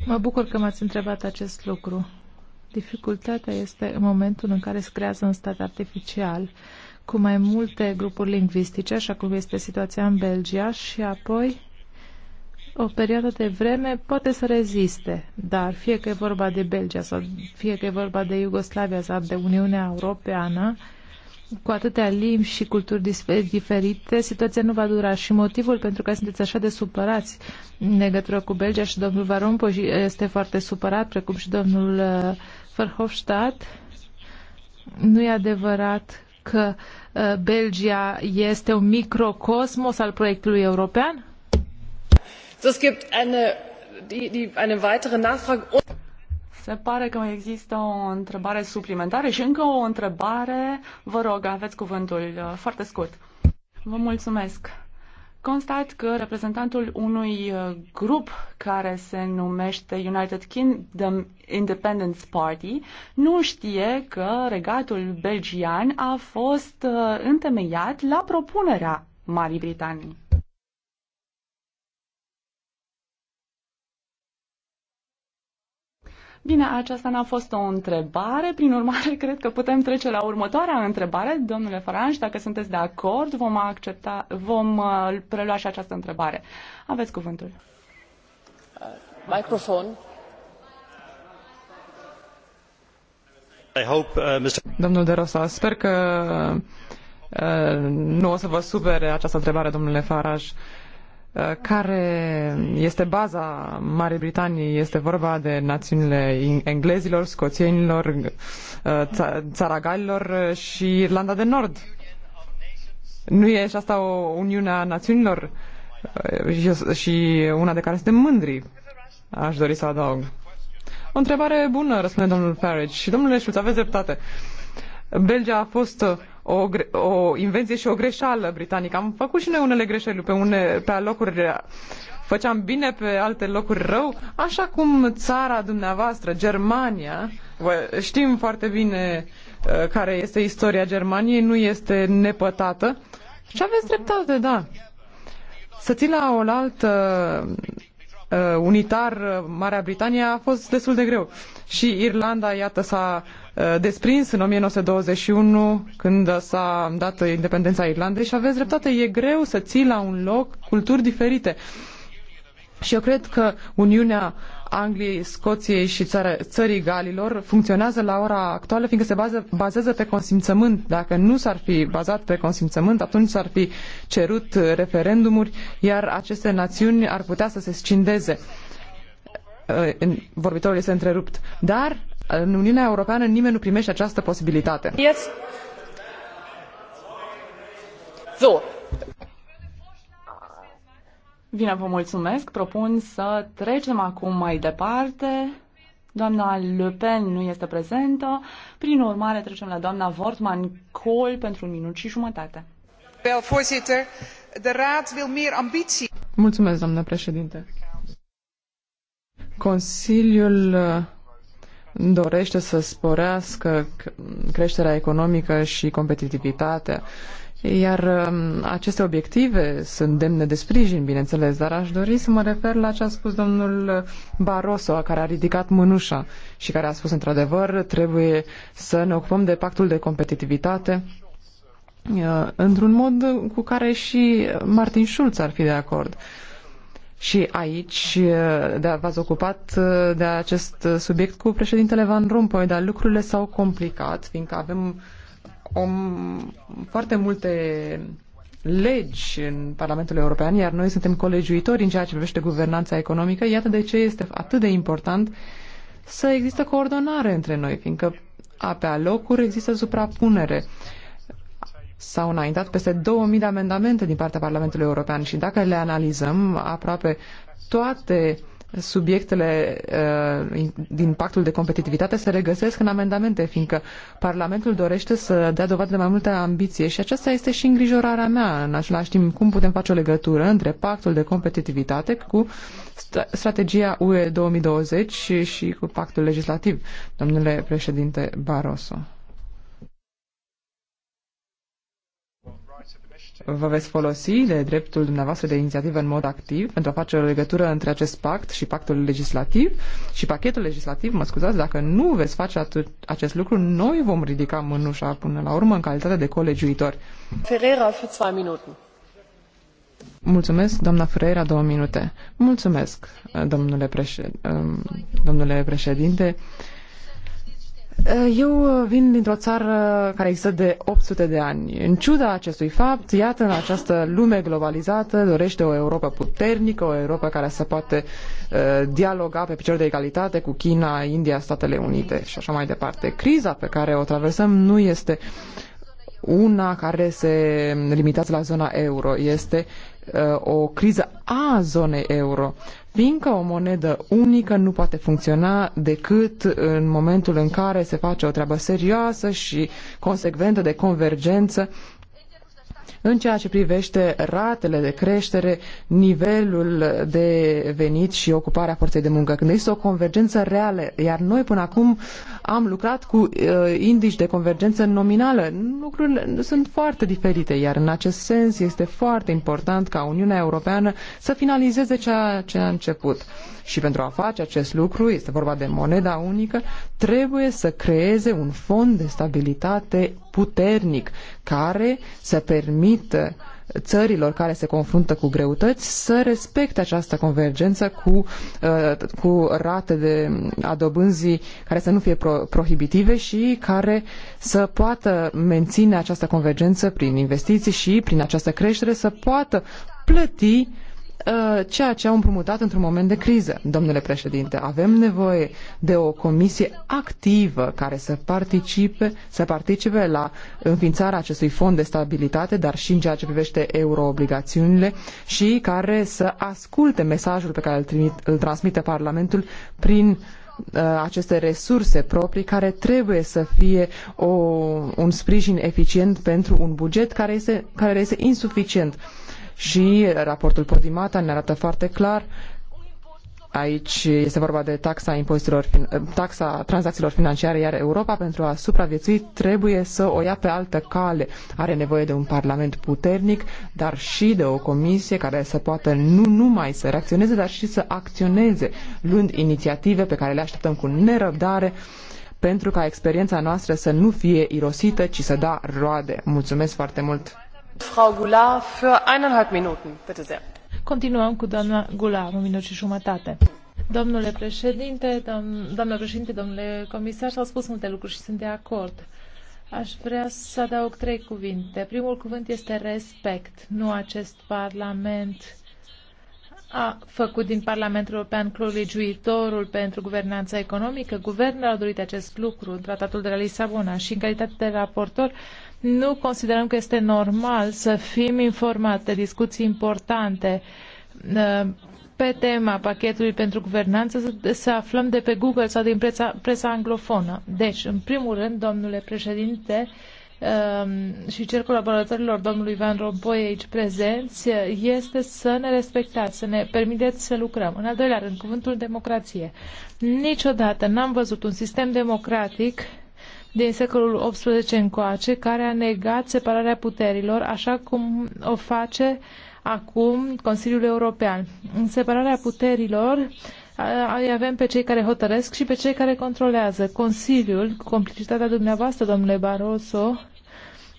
Mă bucur că m-ați întrebat acest lucru. Dificultatea este în momentul în care se creează un stat artificial cu mai multe grupuri lingvistice, așa cum este situația în Belgia, și apoi o perioadă de vreme poate să reziste, dar fie că e vorba de Belgia sau fie că e vorba de Iugoslavia sau de Uniunea Europeană, cu atâtea limbi și culturi diferite, situația nu va dura și motivul pentru care sunteți așa de supărați în legătură cu Belgia și domnul Varompo este foarte supărat, precum și domnul uh, Verhofstadt, nu e adevărat că uh, Belgia este un microcosmos al proiectului european? Se pare că mai există o întrebare suplimentară și încă o întrebare. Vă rog, aveți cuvântul uh, foarte scurt. Vă mulțumesc constat că reprezentantul unui uh, grup care se numește United Kingdom Independence Party nu știe că regatul belgian a fost uh, întemeiat la propunerea Marii Britanii. Bine, aceasta n-a fost o întrebare, prin urmare cred că putem trece la următoarea întrebare. Domnule Faranș, dacă sunteți de acord, vom, accepta, vom uh, prelua și această întrebare. Aveți cuvântul. Uh, microfon. I hope, uh, Mr. Domnul De Rosa, sper că uh, nu o să vă supere această întrebare, domnule Farage. Uh, Uh, care este baza Marii Britanii, este vorba de națiunile englezilor, scoțienilor, uh, țaragalilor și Irlanda de Nord. Nu e și asta o uniune a națiunilor uh, și una de care suntem mândri, aș dori să adaug. O întrebare bună, răspunde domnul Farage. Și domnule Schulz, aveți dreptate. Belgia a fost o, o invenție și o greșeală britanică. Am făcut și noi unele greșeli pe, une, pe locuri făceam bine pe alte locuri rău, așa cum țara dumneavoastră, Germania, știm foarte bine uh, care este istoria Germaniei, nu este nepătată. Și aveți dreptate, da. Să ții la oaltă uh, unitar uh, Marea Britanie a fost destul de greu. Și Irlanda, iată, s-a Uh, desprins în 1921 când s-a dat independența Irlandei și aveți dreptate, e greu să ții la un loc culturi diferite. Și eu cred că Uniunea Angliei, Scoției și țară, țării Galilor funcționează la ora actuală, fiindcă se bază, bazează pe consimțământ. Dacă nu s-ar fi bazat pe consimțământ, atunci s-ar fi cerut referendumuri, iar aceste națiuni ar putea să se scindeze. Uh, vorbitorul este întrerupt. Dar în Uniunea Europeană nimeni nu primește această posibilitate. Yes. So. Bine, vă mulțumesc. Propun să trecem acum mai departe. Doamna Le Pen nu este prezentă. Prin urmare, trecem la doamna Wortman Kohl pentru un minut și jumătate. Mulțumesc, doamna președinte. Consiliul dorește să sporească creșterea economică și competitivitatea. Iar um, aceste obiective sunt demne de sprijin, bineînțeles, dar aș dori să mă refer la ce a spus domnul Barroso, care a ridicat mânușa și care a spus într-adevăr trebuie să ne ocupăm de pactul de competitivitate uh, într-un mod cu care și Martin Schulz ar fi de acord și aici da v-ați ocupat uh, de acest subiect cu președintele Van Rompuy, dar lucrurile s-au complicat, fiindcă avem o, foarte multe legi în Parlamentul European, iar noi suntem colegiuitori în ceea ce privește guvernanța economică. Iată de ce este atât de important să există coordonare între noi, fiindcă a pe alocuri există suprapunere. Uh, S-au înaintat peste 2000 de amendamente din partea Parlamentului European și dacă le analizăm, aproape toate subiectele uh, din pactul de competitivitate se regăsesc în amendamente, fiindcă Parlamentul dorește să dea dovadă de mai multă ambiție și aceasta este și îngrijorarea mea. În același timp, cum putem face o legătură între pactul de competitivitate cu strategia UE 2020 și, și cu pactul legislativ, domnule președinte Barroso? vă veți folosi de dreptul dumneavoastră de inițiativă în mod activ pentru a face o legătură între acest pact și pactul legislativ și pachetul legislativ, mă scuzați, dacă nu veți face acest lucru, noi vom ridica mânușa până la urmă în calitate de colegiuitori. Ferreira, für 2 minute. Mulțumesc, doamna Ferreira, două minute. Mulțumesc, domnule, um, domnule președinte. Eh, eu eh, vin dintr-o țară care există de 800 de ani. În ciuda acestui fapt, iată, în această lume globalizată dorește o Europa puternică, o Europa care să poate eh, dialoga pe picior de egalitate cu China, India, Statele Unite și așa mai departe. Criza pe care o traversăm nu este una care se limitează la zona euro, este o criză a zonei euro fiindcă o monedă unică nu poate funcționa decât în momentul în care se face o treabă serioasă și consecventă de convergență în ceea ce privește ratele de creștere, nivelul de venit și ocuparea forței de muncă, când există o convergență reală, iar noi până acum am lucrat cu uh, indici de convergență nominală, lucrurile sunt foarte diferite, iar în acest sens este foarte important ca Uniunea Europeană să finalizeze ceea ce a început. Și pentru a face acest lucru, este vorba de moneda unică, trebuie să creeze un fond de stabilitate puternic care să permită țărilor care se confruntă cu greutăți să respecte această convergență cu, uh, cu rate de adobânzii care să nu fie pro, prohibitive și care să poată menține această convergență prin investiții și prin această creștere să poată plăti uh, Uh, ceea ce au împrumutat într-un moment de criză. Domnule președinte, avem nevoie de o comisie activă care să participe, să participe la înființarea acestui fond de stabilitate, dar și în ceea ce privește euroobligațiunile și care să asculte mesajul pe care îl, trimit, îl transmite Parlamentul prin uh, aceste resurse proprii care trebuie să fie o, un sprijin eficient pentru un buget care este, care este insuficient și raportul Podimata ne arată foarte clar Aici este vorba de taxa, impozitelor, taxa tranzacțiilor financiare, iar Europa, pentru a supraviețui, trebuie să o ia pe altă cale. Are nevoie de un parlament puternic, dar și de o comisie care să poată nu numai să reacționeze, dar și să acționeze, luând inițiative pe care le așteptăm cu nerăbdare pentru ca experiența noastră să nu fie irosită, ci să da roade. Mulțumesc foarte mult! Continuăm cu doamna Goulart, un minut și jumătate. Domnule președinte, doamnă președinte, domnule comisar, s-au spus multe lucruri și sunt de acord. Aș vrea să adaug trei cuvinte. Primul cuvânt este respect. Nu acest parlament a făcut din Parlamentul European colegiuitorul pentru guvernanța economică. Guvernul a dorit acest lucru în Tratatul de la Lisabona și în calitate de raportor nu considerăm că este normal să fim informați de discuții importante uh, pe tema pachetului pentru guvernanță să aflăm de pe Google sau din presa, presa anglofonă. Deci, în primul rând, domnule președinte, um, și cer colaboratorilor domnului Van Rompuy aici prezenți este să ne respectați, să ne permiteți să lucrăm. În al doilea rând, cuvântul democrație. Niciodată n-am văzut un sistem democratic din secolul XVIII încoace, care a negat separarea puterilor, așa cum o face acum Consiliul European. În separarea puterilor îi avem pe cei care hotăresc și pe cei care controlează. Consiliul, cu complicitatea dumneavoastră, domnule Barroso,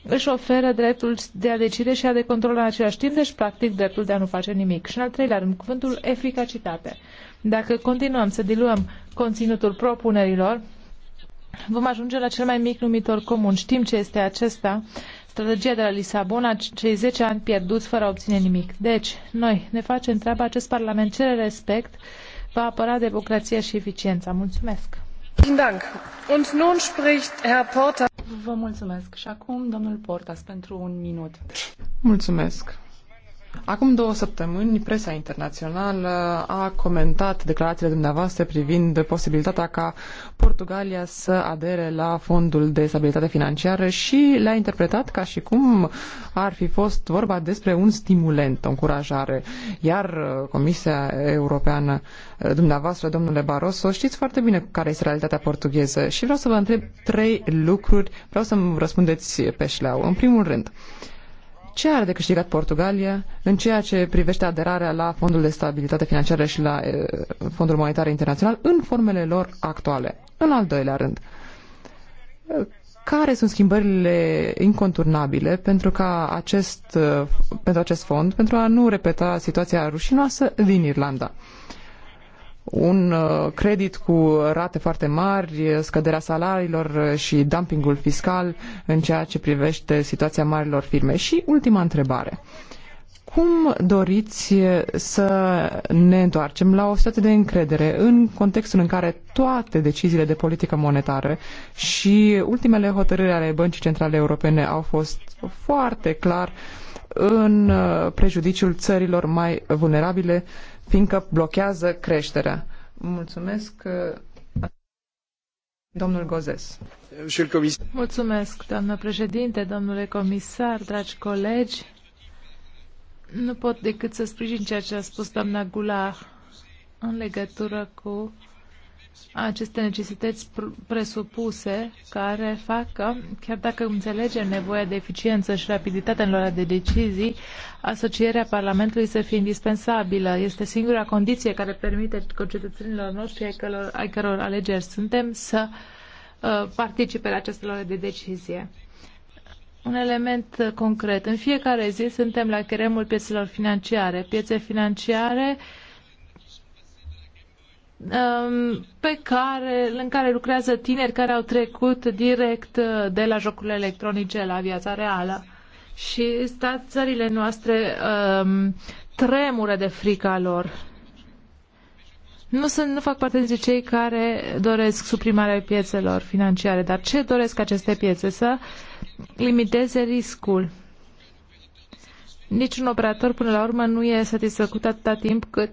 își oferă dreptul de a decide și a de control în același timp, deci practic dreptul de a nu face nimic. Și în al treilea rând, cuvântul eficacitate. Dacă continuăm să diluăm conținutul propunerilor, vom ajunge la cel mai mic numitor comun. Știm ce este acesta, strategia de la Lisabona, cei 10 ani pierduți fără a obține nimic. Deci, noi ne facem treaba, acest Parlament cere respect, va apăra democrația și eficiența. Mulțumesc! Vă mulțumesc. Și acum, domnul Portas, pentru un minut. Mulțumesc. Acum două săptămâni, presa internațională a comentat declarațiile dumneavoastră privind posibilitatea ca Portugalia să adere la Fondul de Stabilitate Financiară și le-a interpretat ca și cum ar fi fost vorba despre un stimulent, o încurajare. Iar uh, Comisia Europeană, uh, dumneavoastră, domnule Barroso, știți foarte bine care este realitatea portugheză și vreau să vă întreb trei lucruri, vreau să-mi răspundeți pe șleau. În primul rând, ce are de câștigat Portugalia în ceea ce privește aderarea la Fondul de Stabilitate Financiară și la Fondul Monetar Internațional în formele lor actuale? În al doilea rând, care sunt schimbările inconturnabile pentru ca acest, pentru acest fond, pentru a nu repeta situația rușinoasă din Irlanda? Uh, un uh, credit cu rate foarte mari, scăderea salariilor și dumpingul fiscal în ceea ce privește situația marilor firme. Și ultima întrebare. Cum doriți să ne întoarcem la o situație de încredere în contextul în care toate deciziile de politică monetară și ultimele hotărâri ale Băncii Centrale Europene au fost foarte clar uh, în uh, prejudiciul țărilor mai vulnerabile, fiindcă blochează creșterea. Mulțumesc, uh, domnul Gozes. Mulțumesc, doamnă președinte, domnule comisar, dragi colegi. Nu pot decât să sprijin ceea ce a spus doamna Gular în legătură cu aceste necesități presupuse care fac că, chiar dacă înțelegem nevoia de eficiență și rapiditate în luarea de decizii, asocierea Parlamentului să fie indispensabilă. Este singura condiție care permite concetățenilor noștri, ai căror, ai căror alegeri suntem, să uh, participe la aceste luare de decizie. Un element uh, concret. În fiecare zi suntem la cheremul piețelor financiare. Piețe financiare uh, Um, pe care, în care lucrează tineri care au trecut direct uh, de la jocurile electronice la viața reală. Și stat țările noastre um, tremură de frica lor. Nu, sunt, nu fac parte dintre cei care doresc suprimarea piețelor financiare, dar ce doresc aceste piețe? Să limiteze riscul. Niciun operator, până la urmă, nu e satisfăcut atâta timp cât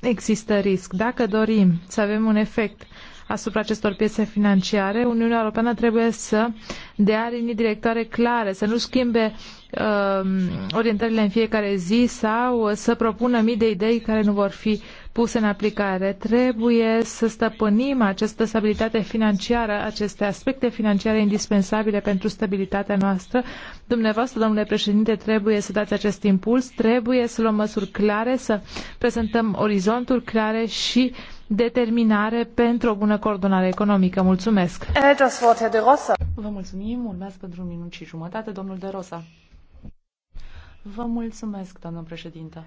există risc. Dacă dorim să avem un efect asupra acestor piețe financiare, Uniunea Europeană trebuie să dea linii directoare clare, să nu schimbe uh, orientările în fiecare zi sau să propună mii de idei care nu vor fi puse în aplicare. Trebuie să stăpânim această stabilitate financiară, aceste aspecte financiare indispensabile pentru stabilitatea noastră. Dumneavoastră, domnule președinte, trebuie să dați acest impuls, trebuie să luăm măsuri clare, să prezentăm orizontul clare și uh, determinare pentru o bună coordonare economică. Mulțumesc! Vă mulțumim, urmează pentru un minut și jumătate, domnul De Rosa. Vă mulțumesc, doamnă președintă.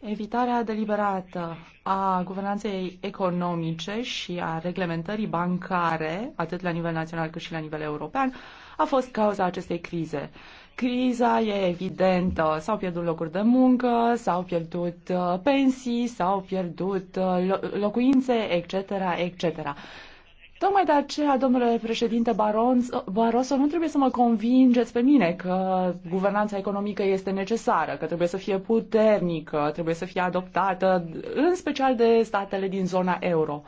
Evitarea deliberată a guvernanței economice și a reglementării bancare, atât la nivel național cât și la nivel european, a fost cauza acestei crize. Criza e evidentă. S-au pierdut locuri de muncă, s-au pierdut uh, pensii, s-au pierdut uh, locuințe, etc., etc. Tocmai de aceea, domnule președinte Baron, Barroso, nu trebuie să mă convingeți pe mine că guvernanța economică este necesară, că trebuie să fie puternică, trebuie să fie adoptată, în special de statele din zona euro.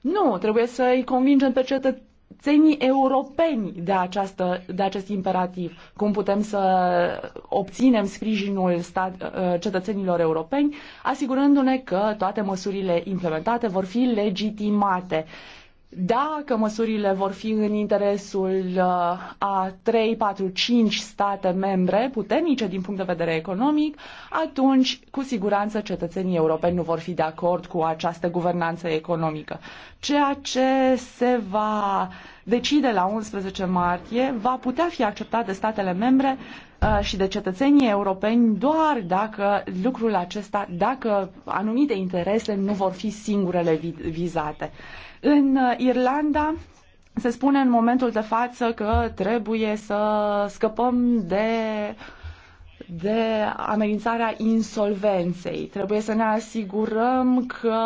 Nu, trebuie să-i convingem pe cetă- cetățenii europeni de, această, de acest imperativ. Cum putem să obținem sprijinul stat, uh, cetățenilor europeni, asigurându-ne că toate măsurile implementate vor fi legitimate. Dacă măsurile vor fi în interesul uh, a 3, 4, 5 state membre puternice din punct de vedere economic, atunci cu siguranță cetățenii europeni nu vor fi de acord cu această guvernanță economică. Ceea ce se va decide la 11 martie va putea fi acceptat de statele membre uh, și de cetățenii europeni doar dacă lucrul acesta, dacă anumite interese nu vor fi singurele vizate. În uh, Irlanda se spune în momentul de față că trebuie să scăpăm de de amenințarea insolvenței. Trebuie să ne asigurăm că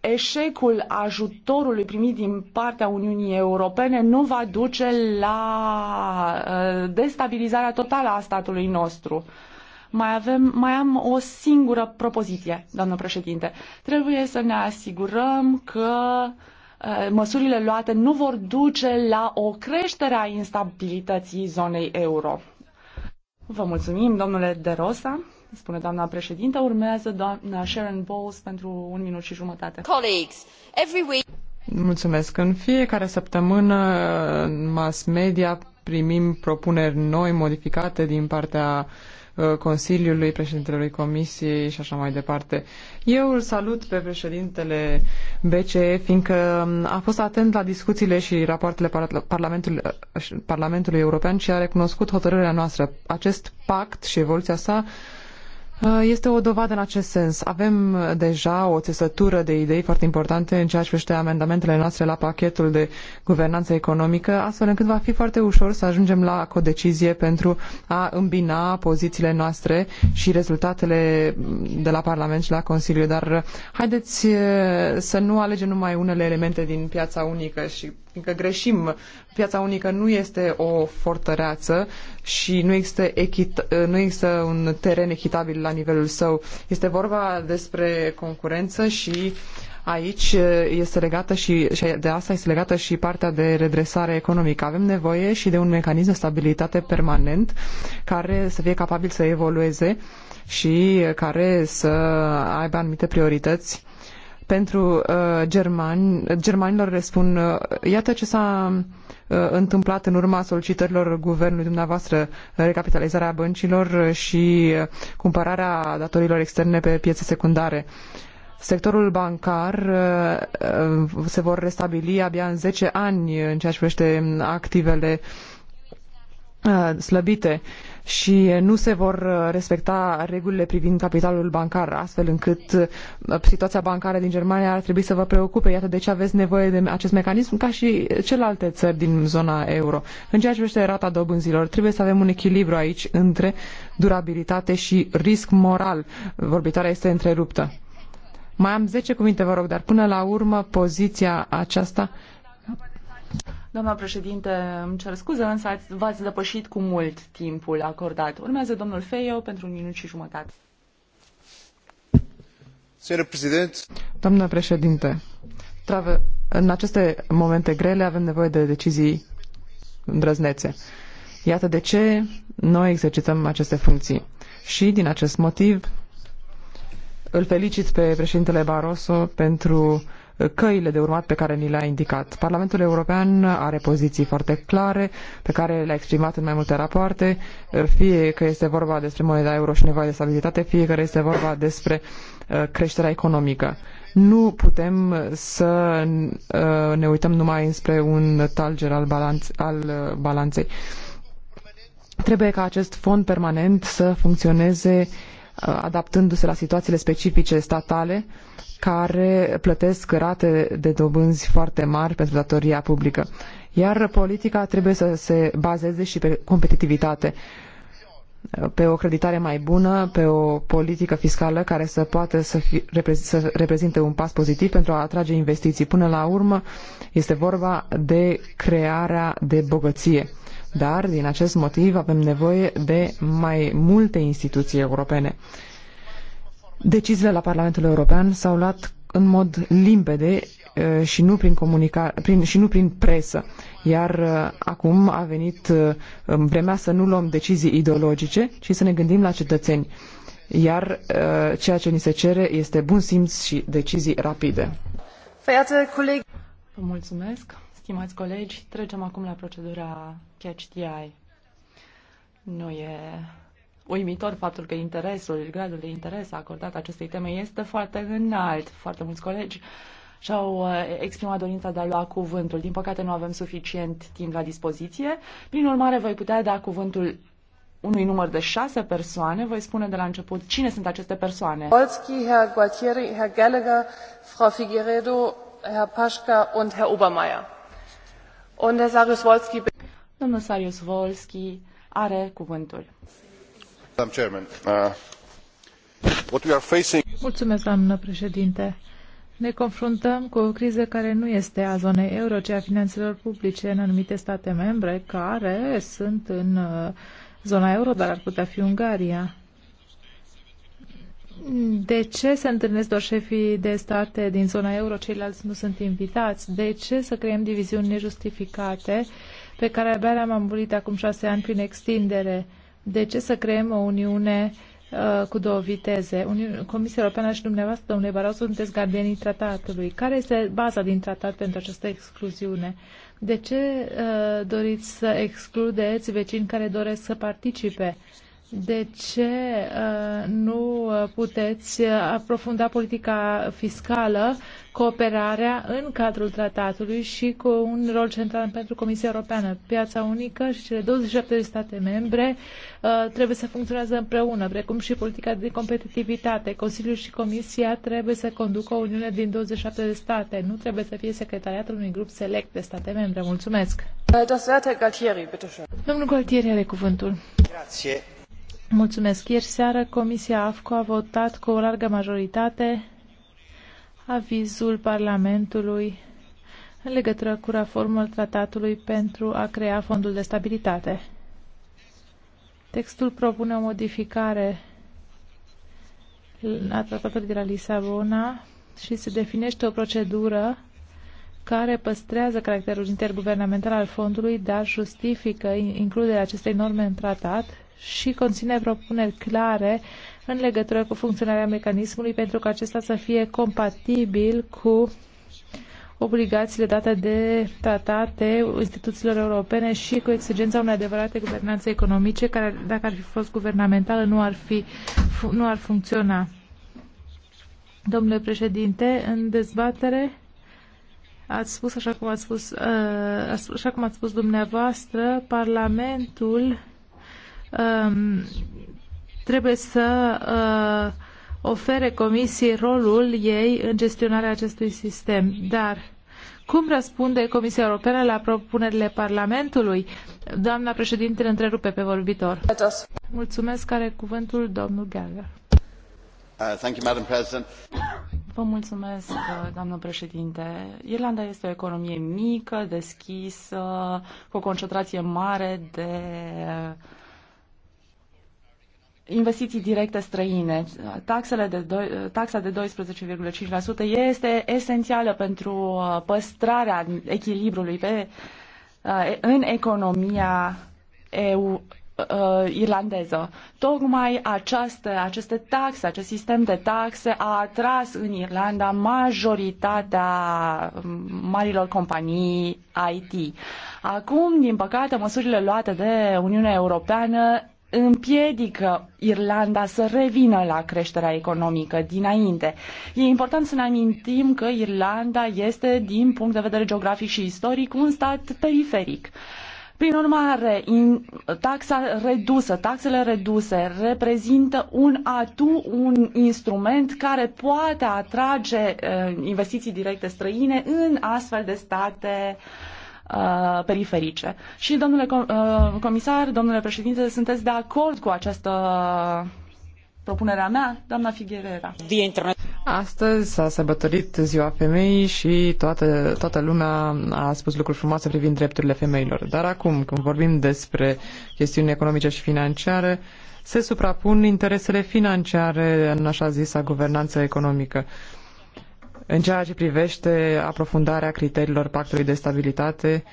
eșecul ajutorului primit din partea Uniunii Europene nu va duce la uh, destabilizarea totală a statului nostru. Mai, avem, mai am o singură propoziție, doamnă președinte. Trebuie să ne asigurăm că uh, măsurile luate nu vor duce la o creștere a instabilității zonei euro. Vă mulțumim, domnule De Rosa, spune doamna președintă. Urmează doamna Sharon Bowles pentru un minut și jumătate. Colleagues, every week... Mulțumesc. În fiecare săptămână, mass media primim propuneri noi, modificate din partea Uh, Consiliului, președintelui Comisiei și așa mai departe. Eu îl salut pe președintele BCE, fiindcă um, a fost atent la discuțiile și rapoartele Parlamentului, uh, Parlamentului European și a recunoscut hotărârea noastră. Acest pact și evoluția sa Uh, este o dovadă în acest sens. Avem uh, deja o țesătură de idei foarte importante în ceea ce privește amendamentele noastre la pachetul de guvernanță economică, astfel încât va fi foarte ușor să ajungem la codecizie pentru a îmbina pozițiile noastre și rezultatele mm, de la Parlament și la Consiliu. Dar uh, haideți să nu alegem numai unele elemente din piața unică și fiindcă greșim. Piața unică nu este o fortăreață și nu există, echit- nu există un teren echitabil la nivelul său. Este vorba despre concurență și aici este legată și, și de asta este legată și partea de redresare economică. Avem nevoie și de un mecanism de stabilitate permanent care să fie capabil să evolueze și care să aibă anumite priorități pentru uh, germani. Germanilor le spun, uh, iată ce s-a uh, întâmplat în urma solicitărilor guvernului dumneavoastră, recapitalizarea băncilor și uh, cumpărarea datorilor externe pe piețe secundare. Sectorul bancar uh, uh se vor restabili abia în 10 ani în ceea ce privește activele uh, Uh, slăbite și nu se vor uh, respecta regulile privind capitalul bancar, astfel încât uh, situația bancară din Germania ar trebui să vă preocupe. Iată de ce aveți nevoie de acest mecanism ca și celelalte țări din zona euro. În ceea ce privește rata dobânzilor, trebuie să avem un echilibru aici între durabilitate și risc moral. Vorbitoarea este întreruptă. Mai am zece cuvinte, vă rog, dar până la urmă poziția aceasta uh, Doamna președinte, îmi cer scuze, însă v-ați depășit cu mult timpul acordat. Urmează domnul Feio pentru un minut și jumătate. Doamna președinte, trave, în aceste momente grele avem nevoie de decizii îndrăznețe. Iată de ce noi exercităm aceste funcții. Și din acest motiv îl felicit pe președintele Barroso pentru căile de urmat pe care ni le-a indicat. Parlamentul European are poziții foarte clare pe care le-a exprimat în mai multe rapoarte, fie că este vorba despre moneda euro și nevoia de stabilitate, fie că este vorba despre uh, creșterea economică. Nu putem să uh, ne uităm numai înspre un talger al, balanț, al uh, balanței. Trebuie ca acest fond permanent să funcționeze adaptându-se la situațiile specifice statale, care plătesc rate de dobânzi foarte mari pentru datoria publică. Iar politica trebuie să se bazeze și pe competitivitate, pe o creditare mai bună, pe o politică fiscală care să poată să, fi, să reprezinte un pas pozitiv pentru a atrage investiții. Până la urmă, este vorba de crearea de bogăție. Dar, din acest motiv, avem nevoie de mai multe instituții europene. Deciziile la Parlamentul European s-au luat în mod limpede uh, și nu prin, comunica, prin, și nu prin presă. Iar uh, acum a venit uh, vremea să nu luăm decizii ideologice, ci să ne gândim la cetățeni. Iar ceea ce ni se cere este bun simț și decizii rapide. Vă mulțumesc, stimați colegi. Trecem acum la procedura catch the eye. Nu e uimitor faptul că interesul, gradul de interes acordat acestei teme este foarte înalt. Foarte mulți colegi și-au uh, exprimat dorința de a lua cuvântul. Din păcate nu avem suficient timp la dispoziție. Prin urmare, voi putea da cuvântul unui număr de șase persoane. Voi spune de la început cine sunt aceste persoane. Polski, Herr Guatieri, Herr Gallagher, Frau Figueredo, Herr Pașca und Herr Obermeier. Und Herr Sarius Wolski. Domnul Sarius Wolski are cuvântul. Uh, președinte. Ne confruntăm cu o criză care nu este a zonei euro, ci a finanțelor publice în anumite state membre care sunt în uh, zona euro, dar ar putea fi Ungaria. De ce se întâlnesc doar șefii de state din zona euro, ceilalți nu sunt invitați? De ce să creăm diviziuni nejustificate pe care abia le-am ambulit acum șase ani prin extindere? De ce să creăm o Uniune uh, cu două viteze? Uniune, Comisia Europeană și dumneavoastră, domnule Barau, sunteți gardienii tratatului. Care este baza din tratat pentru această excluziune? De ce uh, doriți să excludeți vecini care doresc să participe? De ce uh, nu puteți aprofunda politica fiscală uh, cooperarea în cadrul tratatului și cu un rol central pentru Comisia Europeană. Piața unică și cele 27 de state membre uh, trebuie să funcționeze împreună, precum și politica de competitivitate. Consiliul și Comisia trebuie să conducă o Uniune din 27 de state. Nu trebuie să fie secretariatul unui grup select de state membre. Mulțumesc! Galtieri, Domnul Galtieri are cuvântul. Grazie. Mulțumesc. Ieri seară Comisia AFCO a votat cu o largă majoritate avizul Parlamentului în legătură cu reformul tratatului pentru a crea fondul de stabilitate. Textul propune o modificare a tratatului de la Lisabona și se definește o procedură care păstrează caracterul interguvernamental al fondului, dar justifică includerea acestei norme în tratat și conține propuneri clare în legătură cu funcționarea mecanismului pentru ca acesta să fie compatibil cu obligațiile date de tratate instituțiilor europene și cu exigența unei adevărate guvernanțe economice care, dacă ar fi fost guvernamentală, nu ar, fi, nu ar funcționa. Domnule președinte, în dezbatere ați spus, așa cum ați spus, uh, așa cum ați spus dumneavoastră, Parlamentul um, trebuie să uh, ofere comisiei rolul ei în gestionarea acestui sistem. Dar cum răspunde Comisia Europeană la propunerile Parlamentului? Doamna președinte, întrerupe pe vorbitor. Mulțumesc, care cuvântul domnul Gallagher. Uh, Vă mulțumesc, uh, doamnă președinte. Irlanda este o economie mică, deschisă, cu o concentrație mare de uh, investiții directe străine. Taxele de do- taxa de 12,5% este esențială pentru uh, păstrarea echilibrului pe, uh, în economia EU, uh, irlandeză. Tocmai această, aceste taxe, acest sistem de taxe a atras în Irlanda majoritatea um, marilor companii IT. Acum, din păcate, măsurile luate de Uniunea Europeană împiedică Irlanda să revină la creșterea economică dinainte. E important să ne amintim că Irlanda este, din punct de vedere geografic și istoric, un stat periferic. Prin urmare, taxa redusă, taxele reduse reprezintă un atu, un instrument care poate atrage eh, investiții directe străine în astfel de state uh, Uh, periferice. Și, domnule uh, comisar, domnule președinte, sunteți de acord cu această propunerea mea, doamna Figuerera. Astăzi s-a sărbătorit ziua femeii și toată, toată lumea a spus lucruri frumoase privind drepturile femeilor. Dar acum, când vorbim despre chestiuni economice și financiare, se suprapun interesele financiare în așa zisa guvernanță economică. Uh, în ceea ce privește aprofundarea criteriilor pactului de stabilitate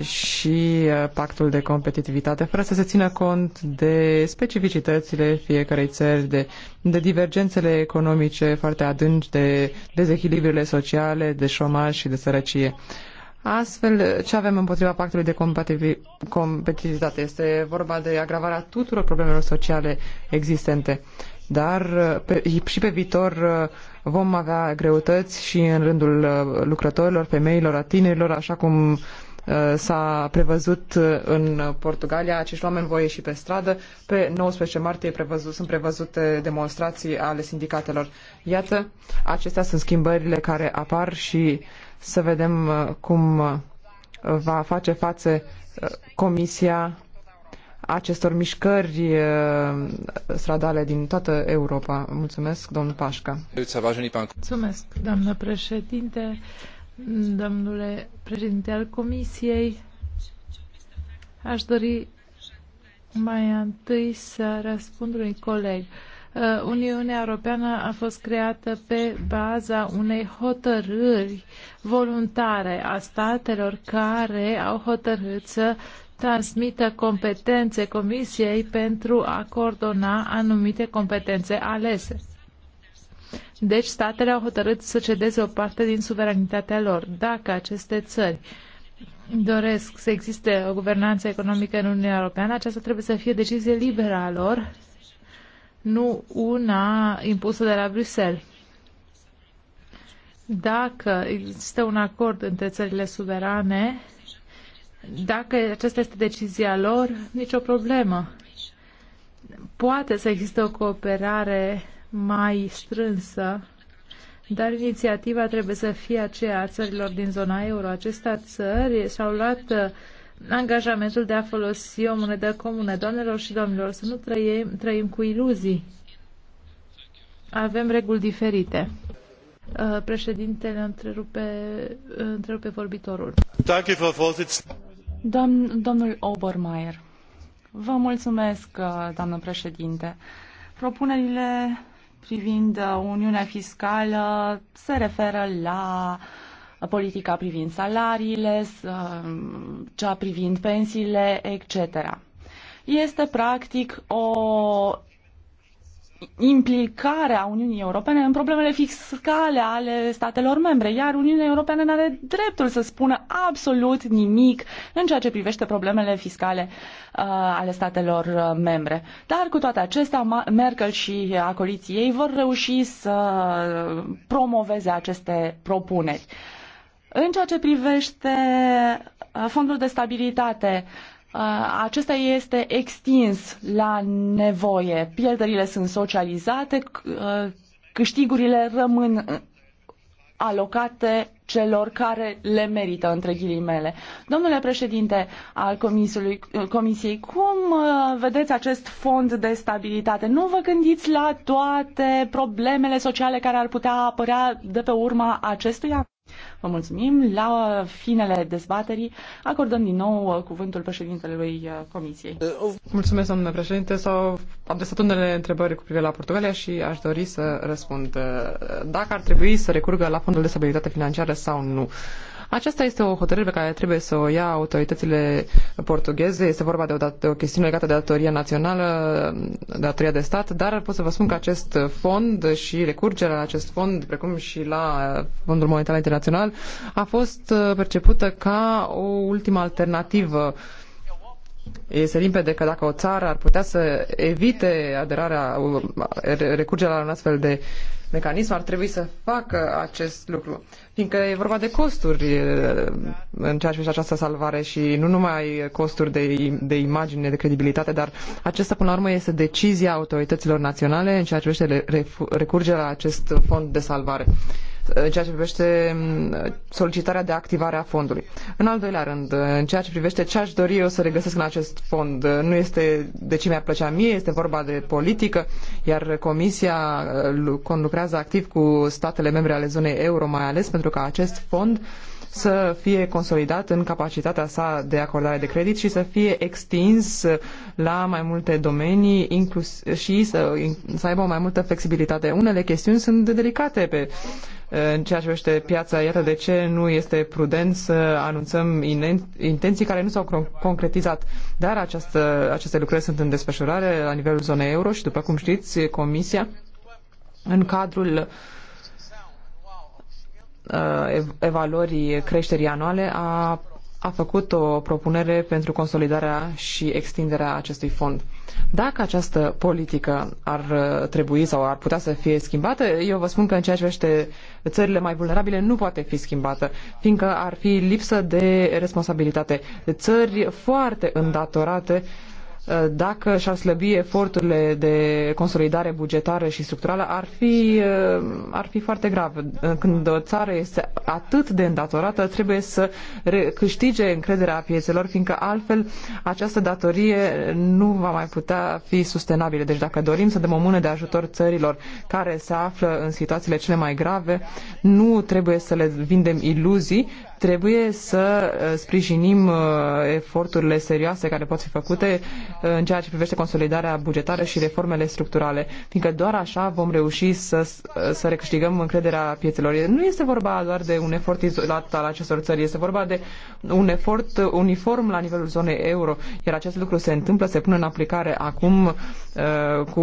și uh, pactul de competitivitate, fără să se țină cont de specificitățile fiecărei țări, de, de divergențele economice foarte adânci, de dezechilibrele sociale, de șomaj și de sărăcie. Astfel, ce avem împotriva pactului de competitivitate? Este vorba de agravarea tuturor problemelor sociale existente. Dar uh, pe, și pe viitor uh, vom avea greutăți și în rândul uh, lucrătorilor, femeilor, a tinerilor, așa cum uh, s-a prevăzut uh, în Portugalia. Acești oameni voi ieși pe stradă. Pe 19 martie prevăzut, sunt prevăzute demonstrații ale sindicatelor. Iată, acestea sunt schimbările care apar și să vedem cum va face față Comisia acestor mișcări uh, stradale din toată Europa. Mulțumesc, domnul Pașca. Mulțumesc, doamnă președinte, domnule președinte al Comisiei. Aș dori mai întâi să răspund unui coleg. Uh, Uniunea Europeană a fost creată pe baza unei hotărâri voluntare a statelor care au hotărât să transmită competențe Comisiei pentru a coordona anumite competențe alese. Deci statele au hotărât să cedeze o parte din suveranitatea lor. Dacă aceste țări doresc să existe o guvernanță economică în Uniunea Europeană, aceasta trebuie să fie decizie liberă a lor, nu una impusă de la Bruxelles. Dacă există un acord între țările suverane, dacă aceasta este decizia lor, nicio problemă. Poate să existe o cooperare mai strânsă, dar inițiativa trebuie să fie aceea a țărilor din zona euro. Acestea țări și-au luat uh, angajamentul de a folosi o monedă comună. Doamnelor și domnilor, să nu trăim, trăim cu iluzii. Avem reguli diferite. Uh, președintele întrerupe, întrerupe vorbitorul. Danke, Frau Doamn, domnul Obermeier, vă mulțumesc, uh, doamnă președinte. Propunerile privind uh, Uniunea Fiscală se referă la politica privind salariile, uh, cea privind pensiile, etc. Este practic o implicarea Uniunii Europene în problemele fiscale ale statelor membre, iar Uniunea Europeană nu are dreptul să spună absolut nimic în ceea ce privește problemele fiscale uh, ale statelor uh, membre. Dar cu toate acestea, Merkel și acoliții ei vor reuși să promoveze aceste propuneri. În ceea ce privește uh, fondul de stabilitate, uh, Uh, acesta este extins la nevoie. Pierderile sunt socializate, uh, câștigurile rămân uh, alocate celor care le merită, între ghilimele. Domnule președinte al Comisiei, cum vedeți acest fond de stabilitate? Nu vă gândiți la toate problemele sociale care ar putea apărea de pe urma acestuia? Vă mulțumim. La finele dezbaterii acordăm din nou uh, cuvântul președintelui uh, Comisiei. Uh, mulțumesc, domnule președinte. S-au adresat unele întrebări cu privire la Portugalia și aș dori să răspund dacă ar trebui să recurgă la fondul de stabilitate financiară sau nu. Aceasta este o hotărâre pe care trebuie să o ia autoritățile portugheze. Este vorba de o, de o chestiune legată de datoria națională, datoria de stat, dar pot să vă spun că acest fond și recurgerea la acest fond, precum și la Fondul Monetar Internațional, a fost percepută ca o ultimă alternativă este limpede că dacă o țară ar putea să evite aderarea, recurgerea la un astfel de mecanism ar trebui să facă acest lucru, fiindcă e vorba de costuri în ceea ce privește această salvare și nu numai costuri de, de imagine, de credibilitate, dar acesta până la urmă este decizia autorităților naționale în ceea ce privește recurgerea la acest fond de salvare în ceea ce privește mm, solicitarea de activare a fondului. În al doilea rând, în ceea ce privește ce aș dori eu să regăsesc în acest fond, nu este de ce mi-ar plăcea mie, este vorba de politică, iar Comisia eh, conlucrează activ cu statele membre ale zonei euro, mai ales pentru că acest fond să fie consolidat în capacitatea sa de acordare de credit și să fie extins la mai multe domenii inclus, și să, să aibă mai multă flexibilitate. Unele chestiuni sunt delicate pe în ceea ce privește piața, iată de ce nu este prudent să anunțăm intenții care nu s-au concretizat. Dar această, aceste lucrări sunt în desfășurare la nivelul zonei euro și, după cum știți, Comisia, în cadrul uh, Uh, evaluării creșterii anuale a, a făcut o propunere pentru consolidarea și extinderea acestui fond. Dacă această politică ar uh, trebui sau ar putea să fie schimbată, eu vă spun că în ceea ce privește țările mai vulnerabile nu poate fi schimbată, fiindcă ar fi lipsă de responsabilitate. Țări foarte îndatorate uh, Eh, dacă și-ar slăbi eforturile de consolidare bugetară și structurală, ar fi, eh, ar fi foarte grav. Eh, când o țară este atât de îndatorată, trebuie să câștige încrederea piețelor, fiindcă altfel această datorie nu va mai putea fi sustenabilă. Deci dacă dorim să dăm o mână de ajutor țărilor care se află în situațiile cele mai grave, nu trebuie să le vindem iluzii, trebuie să sprijinim eforturile serioase care pot fi făcute Uh, în ceea ce privește consolidarea bugetară și reformele structurale, fiindcă doar așa vom reuși să, uh, să recâștigăm încrederea piețelor. Nu este vorba doar de un efort izolat al acestor țări, este vorba de un efort uniform la nivelul zonei euro, iar acest lucru se întâmplă, se pune în aplicare acum uh, cu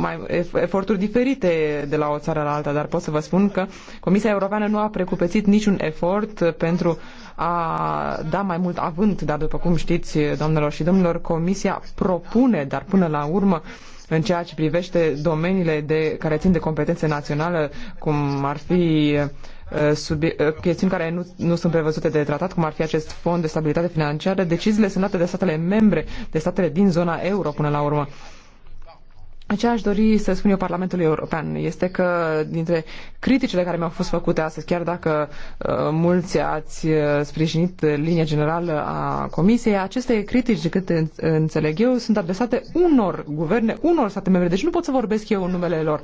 mai, eforturi diferite de la o țară la alta, dar pot să vă spun că Comisia Europeană nu a precupețit niciun efort pentru a da mai mult avânt, dar după cum știți, doamnelor și domnilor, Comisia propune, dar până la urmă, în ceea ce privește domeniile de, care țin de competențe naționale, cum ar fi uh, subie, uh, chestiuni care nu, nu sunt prevăzute de tratat, cum ar fi acest fond de stabilitate financiară, deciziile sunt date de statele membre, de statele din zona euro până la urmă. Ce aș dori să spun eu Parlamentului European este că dintre criticile care mi-au fost făcute astăzi, chiar dacă uh, mulți ați uh, sprijinit linia generală a Comisiei, aceste critici, de cât înțeleg eu, sunt adresate unor guverne, unor state membre. Deci nu pot să vorbesc eu în numele lor.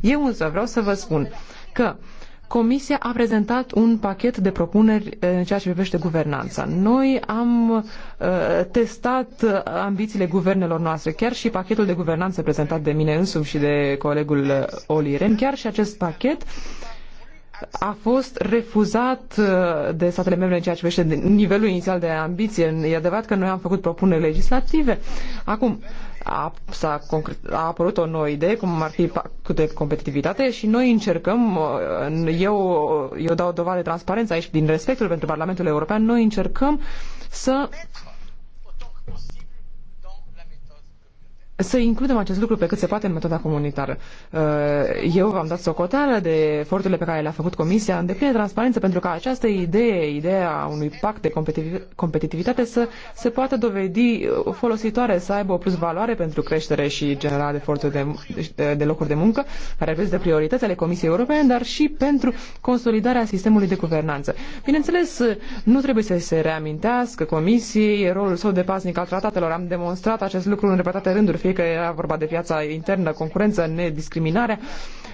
Eu însă vreau să vă spun că uh, Comisia a prezentat un pachet de propuneri eh, în ceea ce privește guvernanța. Noi am eh, testat ambițiile guvernelor noastre, chiar și pachetul de guvernanță prezentat de mine însumi și de colegul eh, Oli Ren, chiar și acest pachet uh, a fost refuzat uh, de statele membre în ceea ce privește nivelul inițial de ambiție. E adevărat că noi am făcut propuneri legislative. Acum, a, s-a concret, a apărut o nouă idee, cum ar fi pactul de competitivitate și noi încercăm, uh, eu, eu dau dovadă de transparență aici din respectul pentru Parlamentul European, noi încercăm să să includem acest lucru pe cât se poate în metoda comunitară. Uh, eu v-am dat socoteală de eforturile pe care le-a făcut Comisia în deplină transparență pentru ca această idee, ideea unui pact de competitivitate să se poată dovedi folositoare, să aibă o plus valoare pentru creștere și generarea de forțe de, de locuri de muncă, care reprezintă priorități ale Comisiei Europene, dar și pentru consolidarea sistemului de guvernanță. Bineînțeles, nu trebuie să se reamintească Comisiei rolul său de pasnic al tratatelor. Am demonstrat acest lucru în repetate rânduri, fie că era vorba de piața internă, concurență, nediscriminare,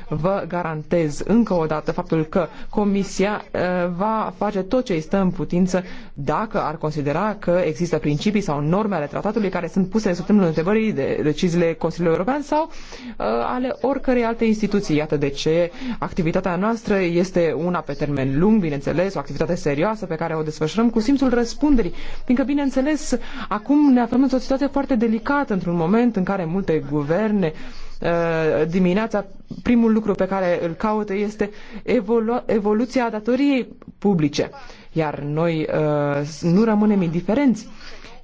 vă garantez încă o dată faptul că Comisia eh, va face tot ce îi stă în putință dacă ar considera că există principii sau norme ale tratatului care sunt puse sub semnul întrebării de deciziile Consiliului European sau eh, ale oricărei alte instituții. Iată de ce activitatea noastră este una pe termen lung, bineînțeles, o activitate serioasă pe care o desfășurăm cu simțul răspunderii, fiindcă, bineînțeles, acum ne aflăm într-o situație foarte delicată, într-un moment în care multe guverne uh, dimineața, primul lucru pe care îl caută este evolu- evoluția datoriei publice. Iar noi uh, nu rămânem indiferenți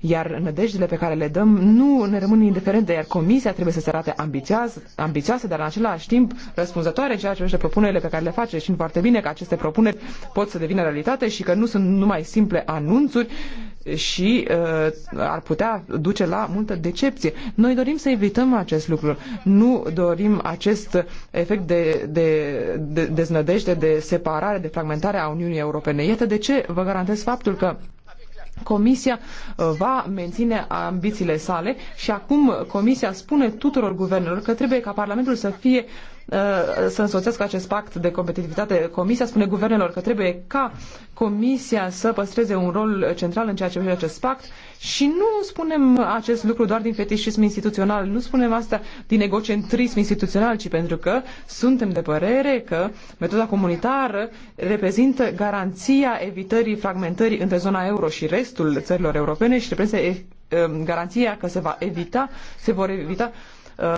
iar nădejdele pe care le dăm nu ne rămân indiferente, iar comisia trebuie să se arate ambițioasă, ambițioasă dar în același timp răspunzătoare ceea ce propunerile pe care le face. Știm foarte bine că aceste propuneri pot să devină realitate și că nu sunt numai simple anunțuri și uh, ar putea duce la multă decepție. Noi dorim să evităm acest lucru. Nu dorim acest efect de, de, de deznădejde, de separare, de fragmentare a Uniunii Europene. Iată de ce vă garantez faptul că Comisia uh, va menține ambițiile sale și acum Comisia spune tuturor guvernelor că trebuie ca Parlamentul să fie Uh, să însoțească acest pact de competitivitate. Comisia spune guvernelor că trebuie ca Comisia să păstreze un rol central în ceea ce privește acest pact și nu spunem acest lucru doar din fetișism instituțional, nu spunem asta din egocentrism instituțional, ci pentru că suntem de părere că metoda comunitară reprezintă garanția evitării fragmentării între zona euro și restul țărilor europene și reprezintă eh, garanția că se va evita, se vor evita uh, Uh,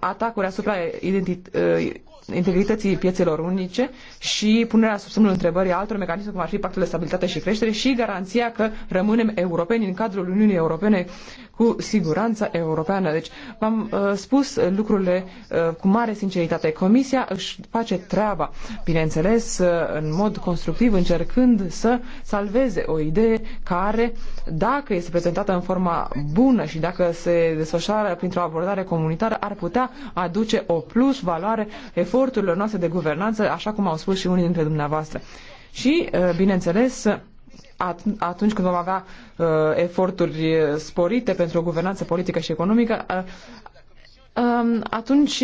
atacuri asupra uh, integrității piețelor unice și punerea sub semnul întrebării altor mecanisme, cum ar fi pactul de stabilitate și creștere și garanția că rămânem europeni în cadrul Uniunii Europene cu siguranța europeană. Deci v-am uh, spus lucrurile uh, cu mare sinceritate. Comisia își face treaba, bineînțeles, uh, în mod constructiv, încercând să salveze o idee care, dacă este prezentată în forma bună și dacă se desfășoară printr-o abordare comunitară, ar putea aduce o plus valoare eforturilor noastre de guvernanță, așa cum au spus și unii dintre dumneavoastră. Și, uh, bineînțeles, atunci când vom avea uh, eforturi sporite pentru o guvernanță politică și economică, uh, um, atunci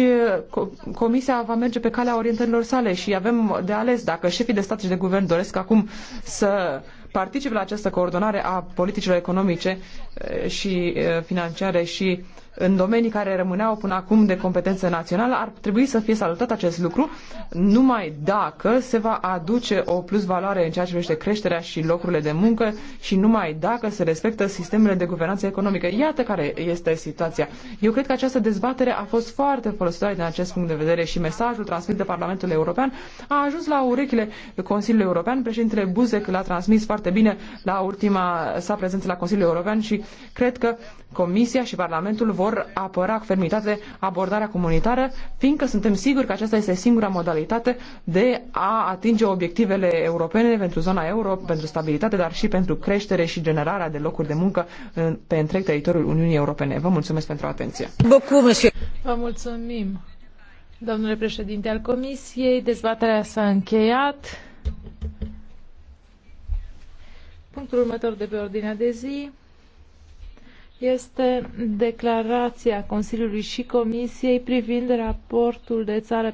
uh, Comisia va merge pe calea orientărilor sale și avem de ales dacă șefii de stat și de guvern doresc acum să participe la această coordonare a politicilor economice uh, și uh, financiare și uh, în domenii care rămâneau până acum de competență națională, ar trebui să fie salutat acest lucru numai dacă se va aduce o plus valoare în ceea ce privește creșterea și locurile de muncă și numai dacă se respectă sistemele de guvernanță economică. Iată care este situația. Eu cred că această dezbatere a fost foarte folositoare din acest punct de vedere și mesajul transmis de Parlamentul European a ajuns la urechile Consiliului European. Președintele Buzek l-a transmis foarte bine la ultima sa prezență la Consiliul European și cred că Comisia și Parlamentul vor apăra cu fermitate abordarea comunitară, fiindcă suntem siguri că aceasta este singura modalitate de a atinge obiectivele europene pentru zona euro, pentru stabilitate, dar și pentru creștere și generarea de locuri de muncă pe întreg teritoriul Uniunii Europene. Vă mulțumesc pentru atenție. Vă mulțumim. Domnule președinte al Comisiei, dezbaterea s-a încheiat. Punctul următor de pe ordinea de zi este declarația Consiliului și Comisiei privind raportul de țară